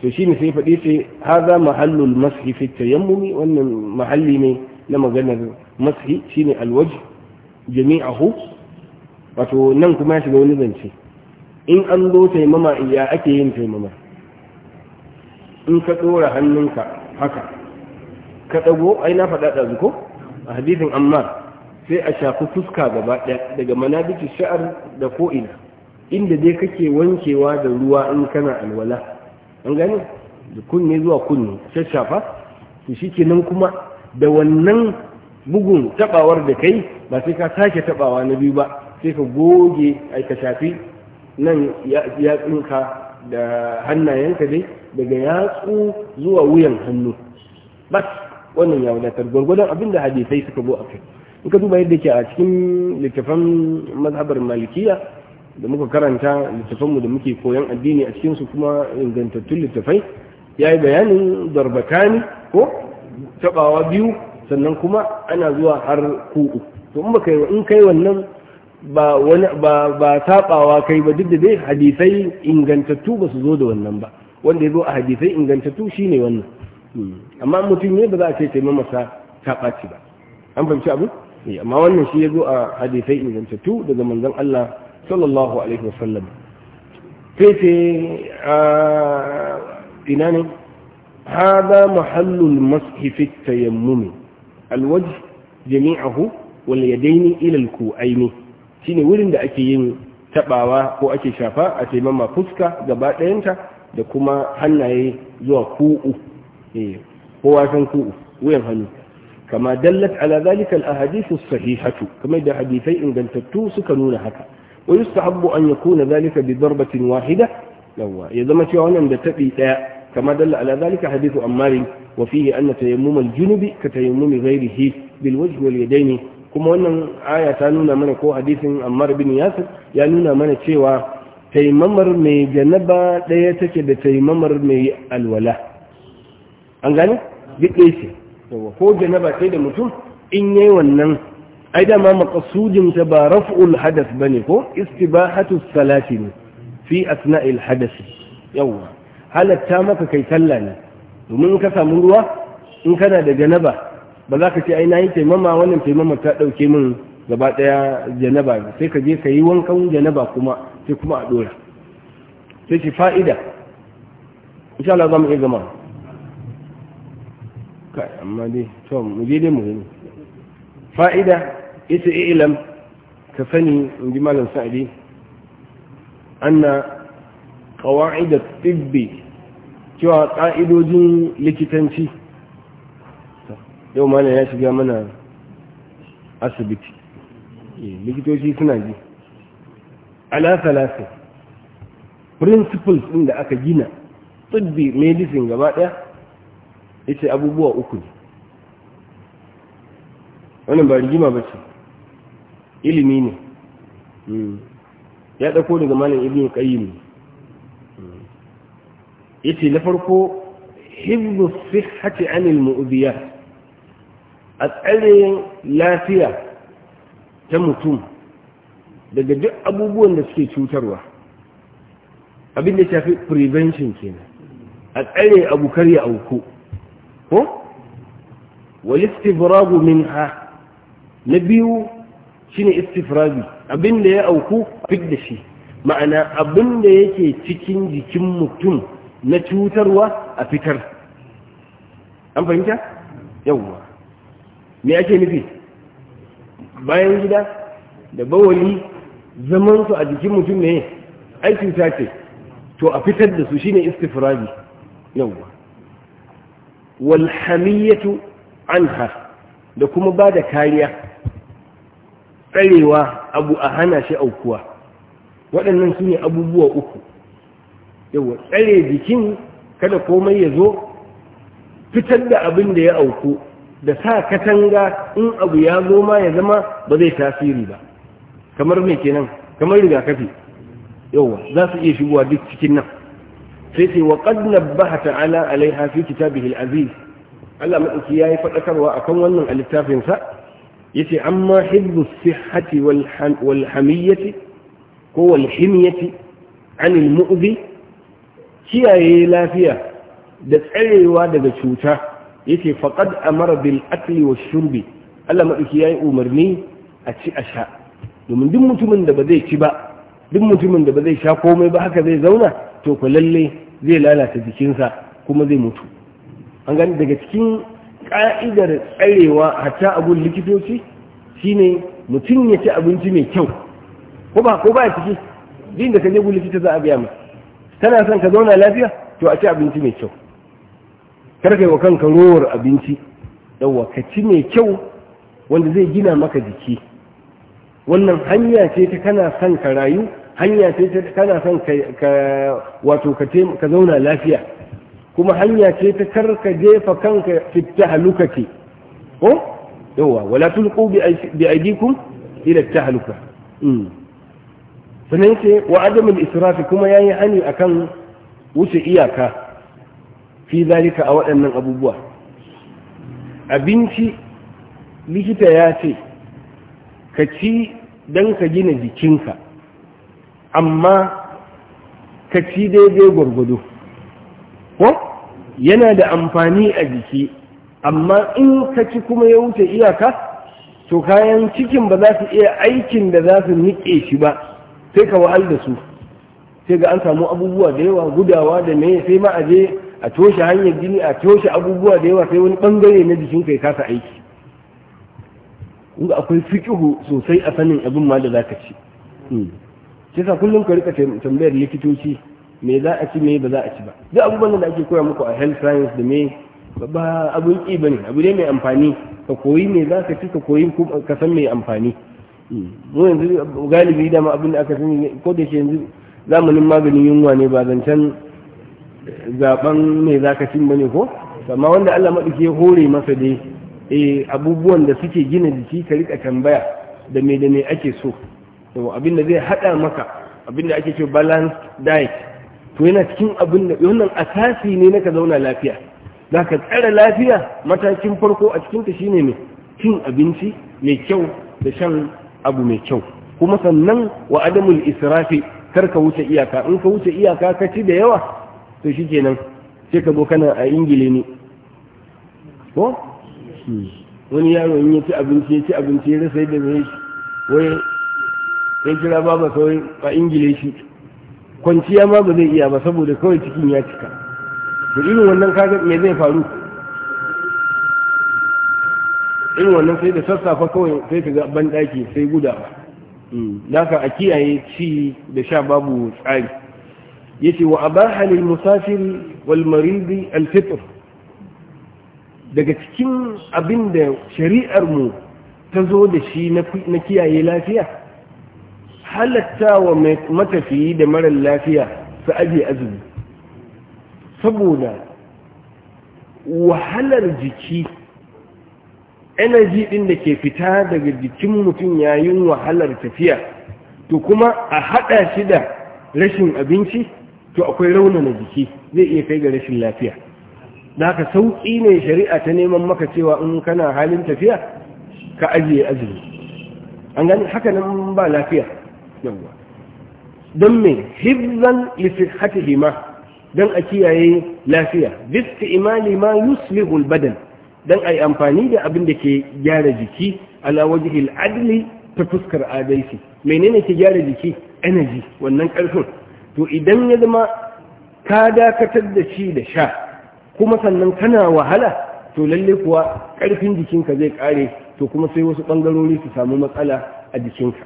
S2: to shine sai faɗi ce haza mahallul masjid fi tayammumi wannan mahalli ne na maganar maski shine alwaj jami'ahu wato nan kuma ya shiga wani zance in an zo taimama ya ake yin taimama in ka tsora hannunka haka ka ɗago ai na faɗa ɗazu ko a hadisin amma sai a shafi fuska gaba ɗaya daga manabici sha'ar da ko'ina inda dai kake wankewa da ruwa in kana alwala an gani da kunne zuwa kunne shashafa to shi kenan kuma da wannan bugun tabawar da kai ba sai ka sake tabawa na biyu ba sai ka goge ai shafi nan yatsunka da hannayenka dai daga yatsu zuwa wuyan hannu ba wannan ya wadatar gwargwadon abin da hadisai suka zo a kai in ka duba yadda ke a cikin littafan mazhabar malikiya da muka karanta littafanmu da muke koyon addini a cikinsu kuma ingantattun littafai ya yi bayanin darbatani ko tabawa biyu sannan kuma ana zuwa har ku'u to in baka in kai wannan ba wani ba ba tabawa kai ba duk da dai hadisai ingantattu ba su zo da wannan ba wanda ya zo a hadisai ingantattu shine wannan hmm. amma mutum ne ba za a ce taimai masa ta ɓaci ba an fahimci abu eh, amma wannan shi ya zo a hadisai ingantattu daga manzon Allah sallallahu alaihi wasallam kai ce ah, ina ne هذا محل المسح في التيمم الوجه جميعه واليدين إلى الكوعين shine wurin da ake yin taɓawa ko ake shafa a taimama fuska gaba ɗayanta da kuma hannaye zuwa ku'u ko wuyan hannu kama dallat ala zalika al ahadithu sahihatu kamar da hadisai ingantattu suka nuna haka wa yustahabbu an ya yakuna zalika bi darbatin wahida ya zama cewa wannan da tabi ɗaya. كما دل على ذلك حديث أمار وفيه أن تيمم الجنب كتيمم غيره بالوجه واليدين كما أن آية تانونا من كو حديث أمار بن ياسر يانونا من تشيوى تيممر مي جنبا ليتك بتيممر مي الولاء أنغاني بإيسي ko janaba sai da mutum in yayi wannan ai dama maqsudin ta ba raf'ul hadath bane ko istibahatu salati fi asna'il hadath yawa halatta maka kai talla ne domin in ka samu ruwa in kana da janaba ba za ka ce ai yi taimama wannan taimama ta dauke min gaba daya janaba sai ka je ka yi wankan janaba kuma sai kuma a dora sai ki fa'ida insha Allah za mu iya gama kai amma dai to mu je dai mu gani fa'ida ita ilam ka sani in ji malam sa'idi anna ƙawa'idar tibbi cewa ƙa'idojin likitanci yau mana ya shiga mana asibiti likitoci suna ji ala salasin principles ɗin da aka gina tibbi medicine gaba ɗaya ita abubuwa uku ne wannan ba rigima ba ce ilimi ne ya ɗauko daga malin ibn qayyim yace na farko hibbu sihhati anil mu'diya a lafiya ta mutum daga duk abubuwan da suke cutarwa abin da shafi prevention kenan a tsare abu ya auku ko wal min minha na biyu shine istifragi abin da ya auku fid shi ma'ana abin da yake cikin jikin mutum na cutarwa a fitar an fahimta yawwa me ake nufi bayan gida da bawali zaman su a jikin mutum ne aikin ta ce to a fitar da su shine istifrazi yawwa wal hamiyatu anha da kuma ba da kariya tsarewa abu a hana shi aukuwa waɗannan su ne abubuwa uku yawa tsare jikin kada komai ya zo fitar da abin da ya auku da sa katanga in abu ya zo ma ya zama ba zai tasiri ba kamar mai kenan kamar rigakafi yawa za su iya shigowa duk cikin nan sai ce wa qad nabbaha ta'ala alaiha fi kitabihi al-aziz Allah yi faɗakarwa a akan wannan a littafin sa yace amma hibbu sihati walhamiyyati wal ko wal himyati an al mu'zi kiyaye lafiya da tsarewa daga cuta yake faqad amara bil akli wa shurbi Allah ya yi umarni a ci a sha domin duk mutumin da ba zai ci ba duk mutumin da ba zai sha komai ba haka zai zauna to ku lalle zai lalata jikinsa kuma zai mutu an gani daga cikin ka'idar tsarewa hatta abun likitoci shine mutum ya ci abinci mai kyau ko ba ko ba ciki din da ka je gun likita za a biya masa tana son ka zauna lafiya to a ci abinci mai kyau karka yi wa kanka rowar abinci yawwa ka ci mai kyau wanda zai gina maka jiki wannan hanya ce ta kana son ka rayu hanya ce ta kana son ka wato ka zauna lafiya kuma hanya ce ta karka jefa kanka fitta haluka ce ko yawa wala tulqu bi aydikum ila tahluka mm sannan ce wa adamul israfi kuma yayi hani akan wuce iyaka fi zalika a waɗannan abubuwa abinci likita ya ce ka ci don ka gina jikinka amma ka ci daidai gwargwado ko yana da amfani a jiki amma in ka ci kuma ya wuce iyaka to kayan cikin ba za su iya aikin da za su niƙe shi ba sai ka wa'al da su sai ga an samu abubuwa da yawa gudawa da me sai ma a je a toshe hanyar jini a toshe abubuwa da yawa sai wani bangare na jikin kai kasa aiki inda akwai fikihu sosai a sanin abin ma da zaka ci hmm. sai sa kullum ka rika tambayar likitoci me za a ci me ba za a ci ba duk abubuwan da ake koya muku a health science da me ba abun ki bane abu ne mai amfani ka koyi me za ka ci ka koyi ka san mai amfani mu yanzu galibi dama abin da aka sani ko da yanzu zamanin maganin yunwa ne ba zancen zaben mai zaka cin bane ko amma wanda Allah maɗauki ya hore masa dai eh abubuwan da suke gina jiki ka rika tambaya da me da me ake so to abin da zai hada maka abin da ake cewa balance diet to yana cikin abin da wannan asasi ne na ka zauna lafiya zaka ka tsara lafiya matakin farko a cikin ta shine me cin abinci mai kyau da shan abu mai kyau kuma sannan wa adamul israfi kar ka wuce iyaka in ka wuce iyaka ka ci da yawa to shikenan sai ka zo kana a ingile ne ko hmm. wani yaro in ya ci abinci ya ci abinci ya sai da zai wai ya kira baba kawai a ingile shi kwanciya ma ba zai iya ba saboda kawai cikin ya cika da irin wannan kaga me zai faru irin wannan sai da sassafa kawai sai ka ga ban daki sai gudawa mm. daga a kiyaye ci da sha babu tsari yace wa abaha lil musafir wal marid al fitr daga cikin abin da shari'ar mu ta zo da shi na kiyaye lafiya halatta wa matafiyi da marar lafiya su aje azumi saboda wahalar jiki energy din da ke fita daga jikin mutum yayin wahalar tafiya to kuma a hada shi da rashin abinci to akwai raunana jiki zai iya kai ga rashin lafiya haka sauƙi ne shari'a ta neman maka cewa in kana halin tafiya ka ajiye azumi an gani haka nan ba lafiya yawwa don me hibzan lisihatihi don a kiyaye lafiya bisti imali ma yuslihul badan dan yi amfani da abin da ke gyara jiki ala wajhil adli ta fuskar adalci menene ke gyara jiki energy wannan karfin to idan ya zama ka dakatar da shi da sha kuma sannan kana wahala to lalle kuwa karfin jikinka zai kare to kuma sai wasu bangarori su samu matsala a jikinka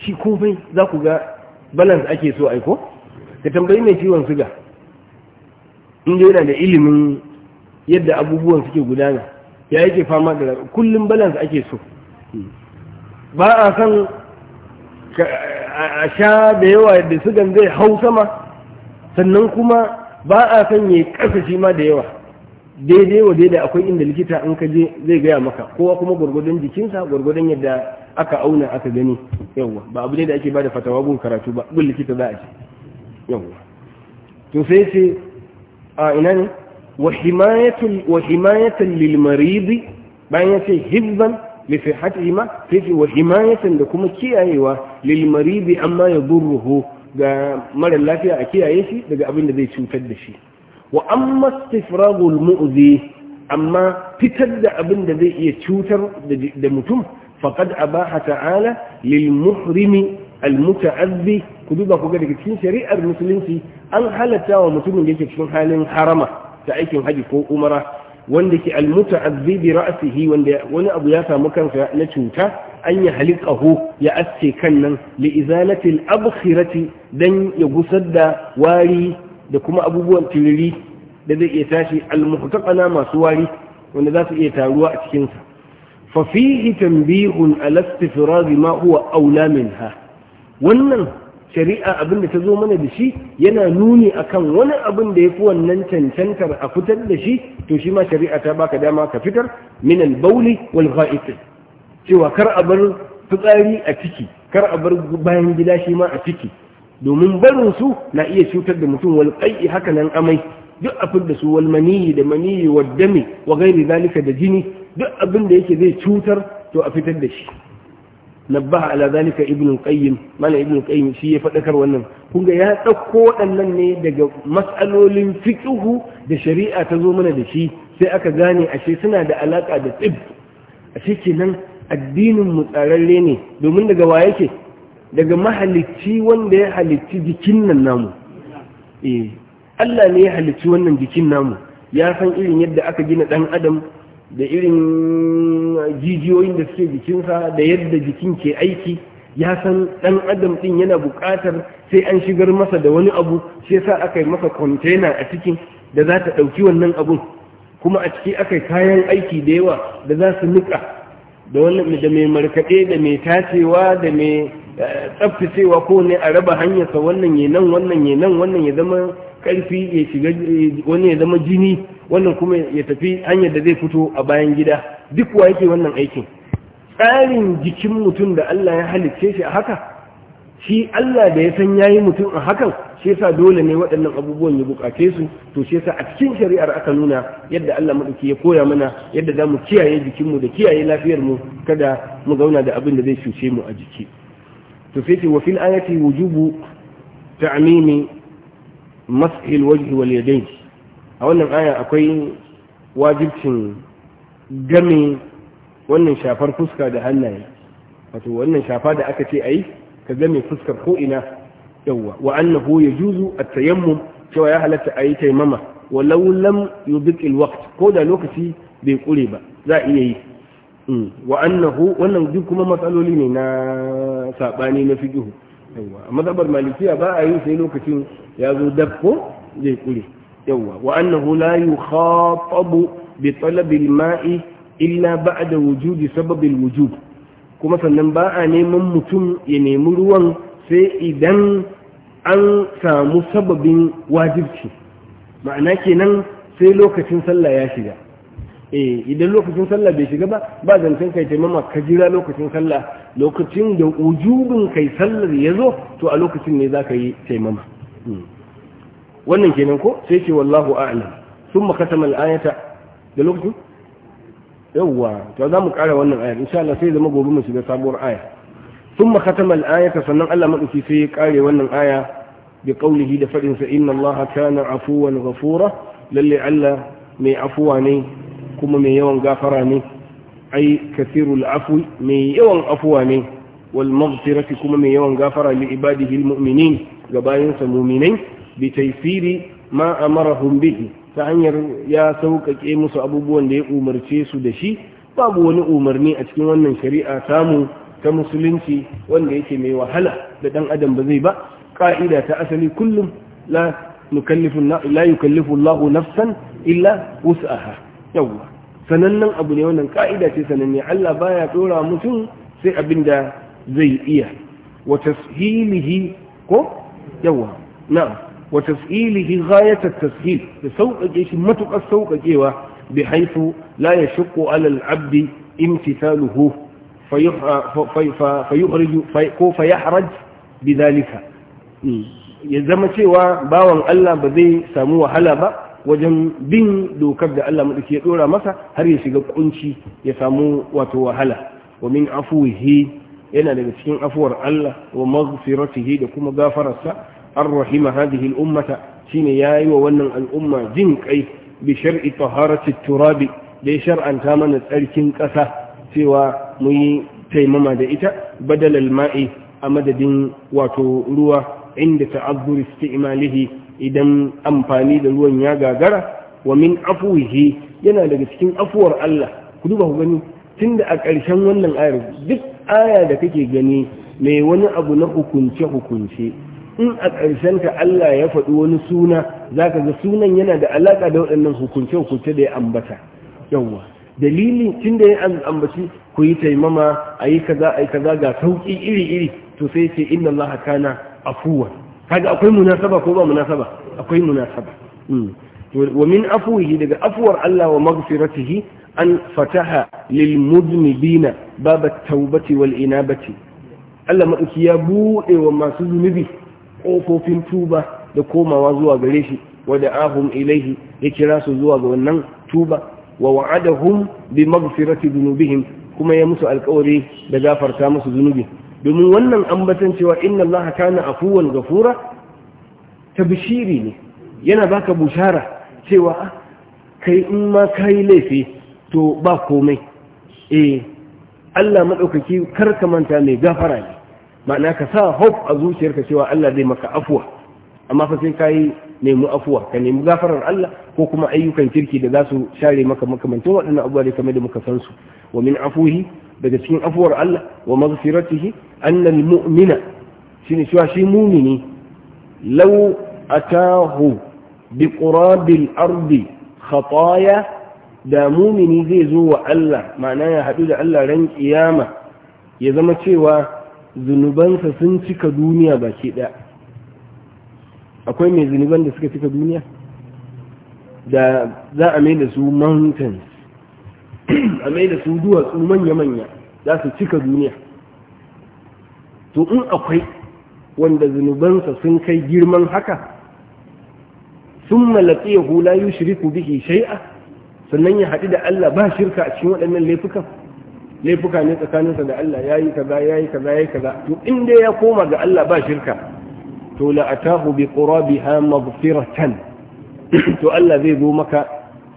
S2: shi komai za ku ga balance ake so aiko ka tambayi mai ciwon suga inda yana da ilimin yadda abubuwan suke gudana ya yake fama da kullum balance ake so ba a san a sha da yawa da sugan zai hau sama sannan kuma ba a san ya ƙasa shi ma da yawa daidai wa daidai akwai inda likita in ka je zai gaya maka kowa kuma gwargwadon jikinsa gwargwadon yadda aka auna aka gani yawa ba abu ne da ake bada fatawa gun karatu ba gun likita za a ce yawa to sai ce a ina ne wa himayatan lil bayan ya ce hibban li sihhatihi ma sai wa himayatan da kuma kiyayewa lil maridi amma ya durruhu ga mara lafiya a kiyaye shi daga abin da zai cutar da shi wa amma istifragul mu'zi amma fitar da abin da zai iya cutar da mutum faqad abaha ta'ala lil muhrimi al-muta'addi ku duba ku ga daga cikin shari'ar musulunci an halatta wa mutumin da yake cikin halin harama ta aikin haji ko umara wanda ke almuta'azzi bi ra'sihi wanda wani abu ya samu kansa na cuta an ya halikahu ya asce kan nan li izalati al-abkhirati dan ya gusar da wari da kuma abubuwan tiriri da zai iya tashi al-muhtaqana masu wari wanda za su iya taruwa a cikin sa fa fihi tanbihun ala ma huwa aula minha wannan shari'a abin da ta zo mana da shi yana nuni akan wani abin da ya fi wannan cancantar a fitar da shi to shi ma shari'a ta baka dama ka fitar minan bauli wal cewa kar a bar fitsari a ciki kar a bar bayan gida shi ma a ciki domin barin su na iya cutar da mutum wal qai'i haka nan amai duk a da su wal maniyi da maniyi wa dami wa ghairi zalika da jini duk abin da yake zai cutar to a fitar da shi nabbaha ala zalika ibn qayyim mana ibn qayyim shi ya fadakar wannan kun ga ya dauko waɗannan ne daga mas'alolin fiqhu da shari'a ta zo mana da shi sai aka gane ashe suna da alaka da tsib ashe kenan addinin mu tsararre ne domin daga wa yake daga mahalicci wanda ya halicci jikin nan namu eh Allah ne ya halicci wannan jikin namu ya san irin yadda aka gina dan adam da irin jijiyoyin da suke jikinsa da yadda jikin ke aiki ya san ɗan adam ɗin yana buƙatar sai an shigar masa da wani abu shi yasa aka yi masa kwantena a cikin da za ta ɗauki wannan abun kuma a ciki aka yi kayan aiki da yawa da za su niƙa da mai markaɗe da mai tacewa da mai eh, tsaftacewa ko ne a raba hanyarsa wannan ya nan wannan ya nan wannan ya zama ƙarfi ya shiga eh, wani ya zama jini wannan kuma ya tafi hanyar da zai fito a bayan gida duk wa yake wannan aikin tsarin jikin mutum da Allah ya halicce shi a haka shi Allah da ya san yayi mutum a hakan shi yasa dole ne waɗannan abubuwan ya bukace su to shi yasa a cikin shari'ar aka nuna yadda Allah madauki ya koya mana yadda zamu kiyaye jikinmu da kiyaye lafiyar mu kada mu zauna da abin da zai cuce mu a jiki to sai ce wa fil ayati wujubu ta'mimi mas'il wajhi wal yadayni a wannan aya akwai wajibcin game wannan shafar fuska da hannaye wato wannan shafa da aka ce ayi ka game fuskar ko ina yawwa wa annahu yajuzu at-tayammum cewa ya halatta ayi taimama walau lam yubiq al-waqt ko da lokaci bai kure ba za a iya yi mm. wa annahu wannan duk kuma matsaloli ne na sabani na fiqh yawwa mazhabar malikiya ba a yi sai lokacin ya zo dab ko zai kure yawwa wa'annan hula la yukhatabu bi talab al-ma'i illa da wujudi sababin al kuma sannan ba a neman mutum ya nemi ruwan sai idan an samu sababin wajibci ma'ana kenan sai lokacin sallah ya shiga eh idan lokacin sallah bai shiga ba ba zancen kai taimama ka jira lokacin sallah lokacin da wujubin kai sallar ya zo to a lokacin ne za ka yi taimama hmm. wannan kenan ko sai ce wallahu a'lam thumma katama al-ayata da lokacin yawwa to za mu kara wannan aya insha Allah sai zama gobe mu shiga sabuwar aya thumma katama al-ayata sannan Allah madauki sai ya kare wannan aya bi qawlihi da fadin sa inna Allah kana afuwan ghafura lalle Allah mai afuwa ne kuma mai yawan gafara ne ai kathirul afwi mai yawan afuwa ne wal maghfirati kuma mai yawan gafara li ibadihi al-mu'minin ga bayinsa mu'minai bi taysiri ma amarahum bihi ta hanyar ya sauƙaƙe musu abubuwan da ya umarce su da shi babu wani umarni a cikin wannan shari'a samu ta musulunci wanda yake mai wahala da ɗan adam ba zai ba ƙa'ida ta asali kullum la yukallifu Allahu nafsan illa wus'aha yawwa sanannen abu ne wannan ƙa'ida ce sananne Allah baya ɗora mutum sai abin da zai iya wa tashilihi ko yawwa na'am wa tas'ilihi ghayat at da sauƙaƙe shi matuƙar sauƙaƙewa bi haythu la yashqu 'ala al-'abd imtithaluhu fayuhriju ko hmm. ya zama cewa bawan Allah ba zai samu wahala ba wajen bin dokar da Allah madaki ya ɗora masa har ya shiga kunci ya samu wato wahala wa min yana daga cikin afuwar Allah da kuma gafararsa an rahima hadihi al-ummata shine yayi wa wannan al'umma jin kai bi shar'i taharati turabi da ya shar'anta mana tsarkin ƙasa cewa mu yi taimama da ita badalal ma'i a madadin wato ruwa inda ta'azzur istimalihi idan amfani da ruwan ya gagara wa min afuwihi yana daga cikin afuwar Allah ku duba ku gani tunda a ƙarshen wannan ayar duk aya da kake gani mai wani abu na hukunce hukunce in a ƙarshen ka Allah ya faɗi wani suna za ka ga sunan yana da alaƙa da waɗannan hukunce-hukunce da ya ambata yawwa dalilin tun da ya ambaci ku yi taimama a yi kaza a yi kaza ga sauƙi iri-iri to sai ce inna Allah kana afuwa kaga akwai munasaba ko ba munasaba akwai munasaba hmm. wa min afuwihi daga afuwar Allah wa maghfiratihi an fataha lil mudnibina babat tawbati wal inabati Allah maɗauki ya buɗe wa masu zunubi ƙofofin tuba da komawa zuwa gare shi wadda ahum ilaihi ya kira su zuwa ga wannan tuba wa wa'ada hun bi maghfirati zunubihim kuma ya musu alkawari da gafarta musu zunubi domin wannan ambatan cewa inna Allah kana afuwan gafura ta bishiri ne yana baka bushara cewa ah, kai in ma ka yi laifi to ba komai eh Allah maɗaukaki kar ka manta mai gafara ne ma'ana ka sa hope a zuciyarka cewa Allah zai maka afuwa amma fa sai kai nemi afuwa ka nemi gafarar Allah ko kuma ayyukan kirki da za su share maka makamantan waɗannan abubuwa da kamar da muka san su wa min afuhi daga cikin afuwar Allah wa maghfiratihi annal mu'mina shine cewa shi mumini law atahu bi qurabil ardi khataya da mumini zai zo wa Allah ma'ana ya haɗu da Allah ran kiyama ya zama cewa zunubansa sun cika duniya baki ɗaya akwai mai zunuban da suka cika duniya da za a mai da su mountains a mai da su duwatsu manya-manya za su cika duniya to in akwai wanda zunubansa sun kai girman haka sun malatsi ya hula yi shiriku bihi shai'a sannan ya haɗu da Allah ba shirka a cikin waɗannan laifukan laifuka ne tsakaninsa da Allah yi kaza yi kaza yi kaza to in dai ya koma ga Allah ba shirka to la atahu bi qurabiha maghfiratan to Allah zai zo maka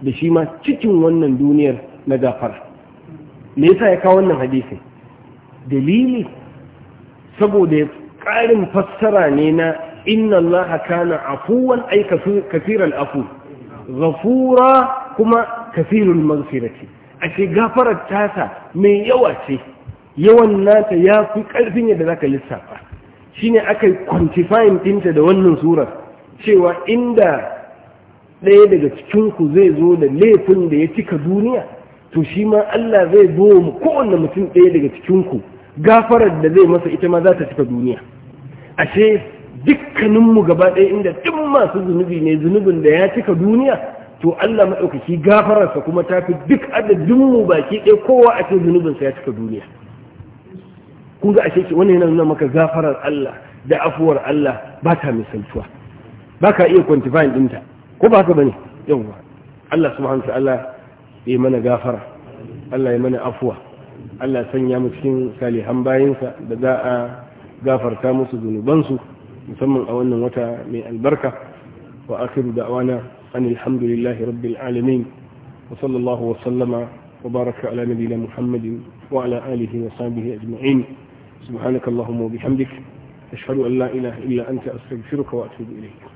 S2: da shi ma cikin wannan duniyar na gafara me yasa ya kawo wannan hadisi dalili saboda ƙarin fassara ne na inna allaha kana afuwan ay kafiran afu ghafura kuma kafirul maghfirati ashe gafarar tasa mai yawa ce yawan nata ya fi ƙarfin yadda za ka lissafa shi ne aka yi kwantifayin ɗinta da wannan surar cewa inda ɗaya daga cikinku zai zo da laifin da ya cika duniya to shi ma Allah zai zo mu kowanne mutum ɗaya daga cikinku gafarar da zai masa ita ma za ta cika duniya ashe dukkaninmu gaba ɗaya inda duk masu zunubi ne zunubin da ya cika duniya to Allah maɗaukaki gafararsa kuma ta fi duk adadin mu baki ɗaya kowa a cikin zunubinsa ya cika duniya kun ga ashe wannan yana nuna maka gafarar Allah da afuwar Allah ba ta misaltuwa ba ka iya kwantifayin ɗinta ko ba haka bane yawwa Allah subhanahu wa Allah ya mana gafara Allah ya mana afuwa Allah sanya mu cikin salihan bayansa da za a gafarta musu zunubansu musamman a wannan wata mai albarka wa akhiru da'wana أن الحمد لله رب العالمين وصلى الله وسلم وبارك على نبينا محمد وعلى آله وصحبه أجمعين سبحانك اللهم وبحمدك أشهد أن لا إله إلا أنت أستغفرك وأتوب إليك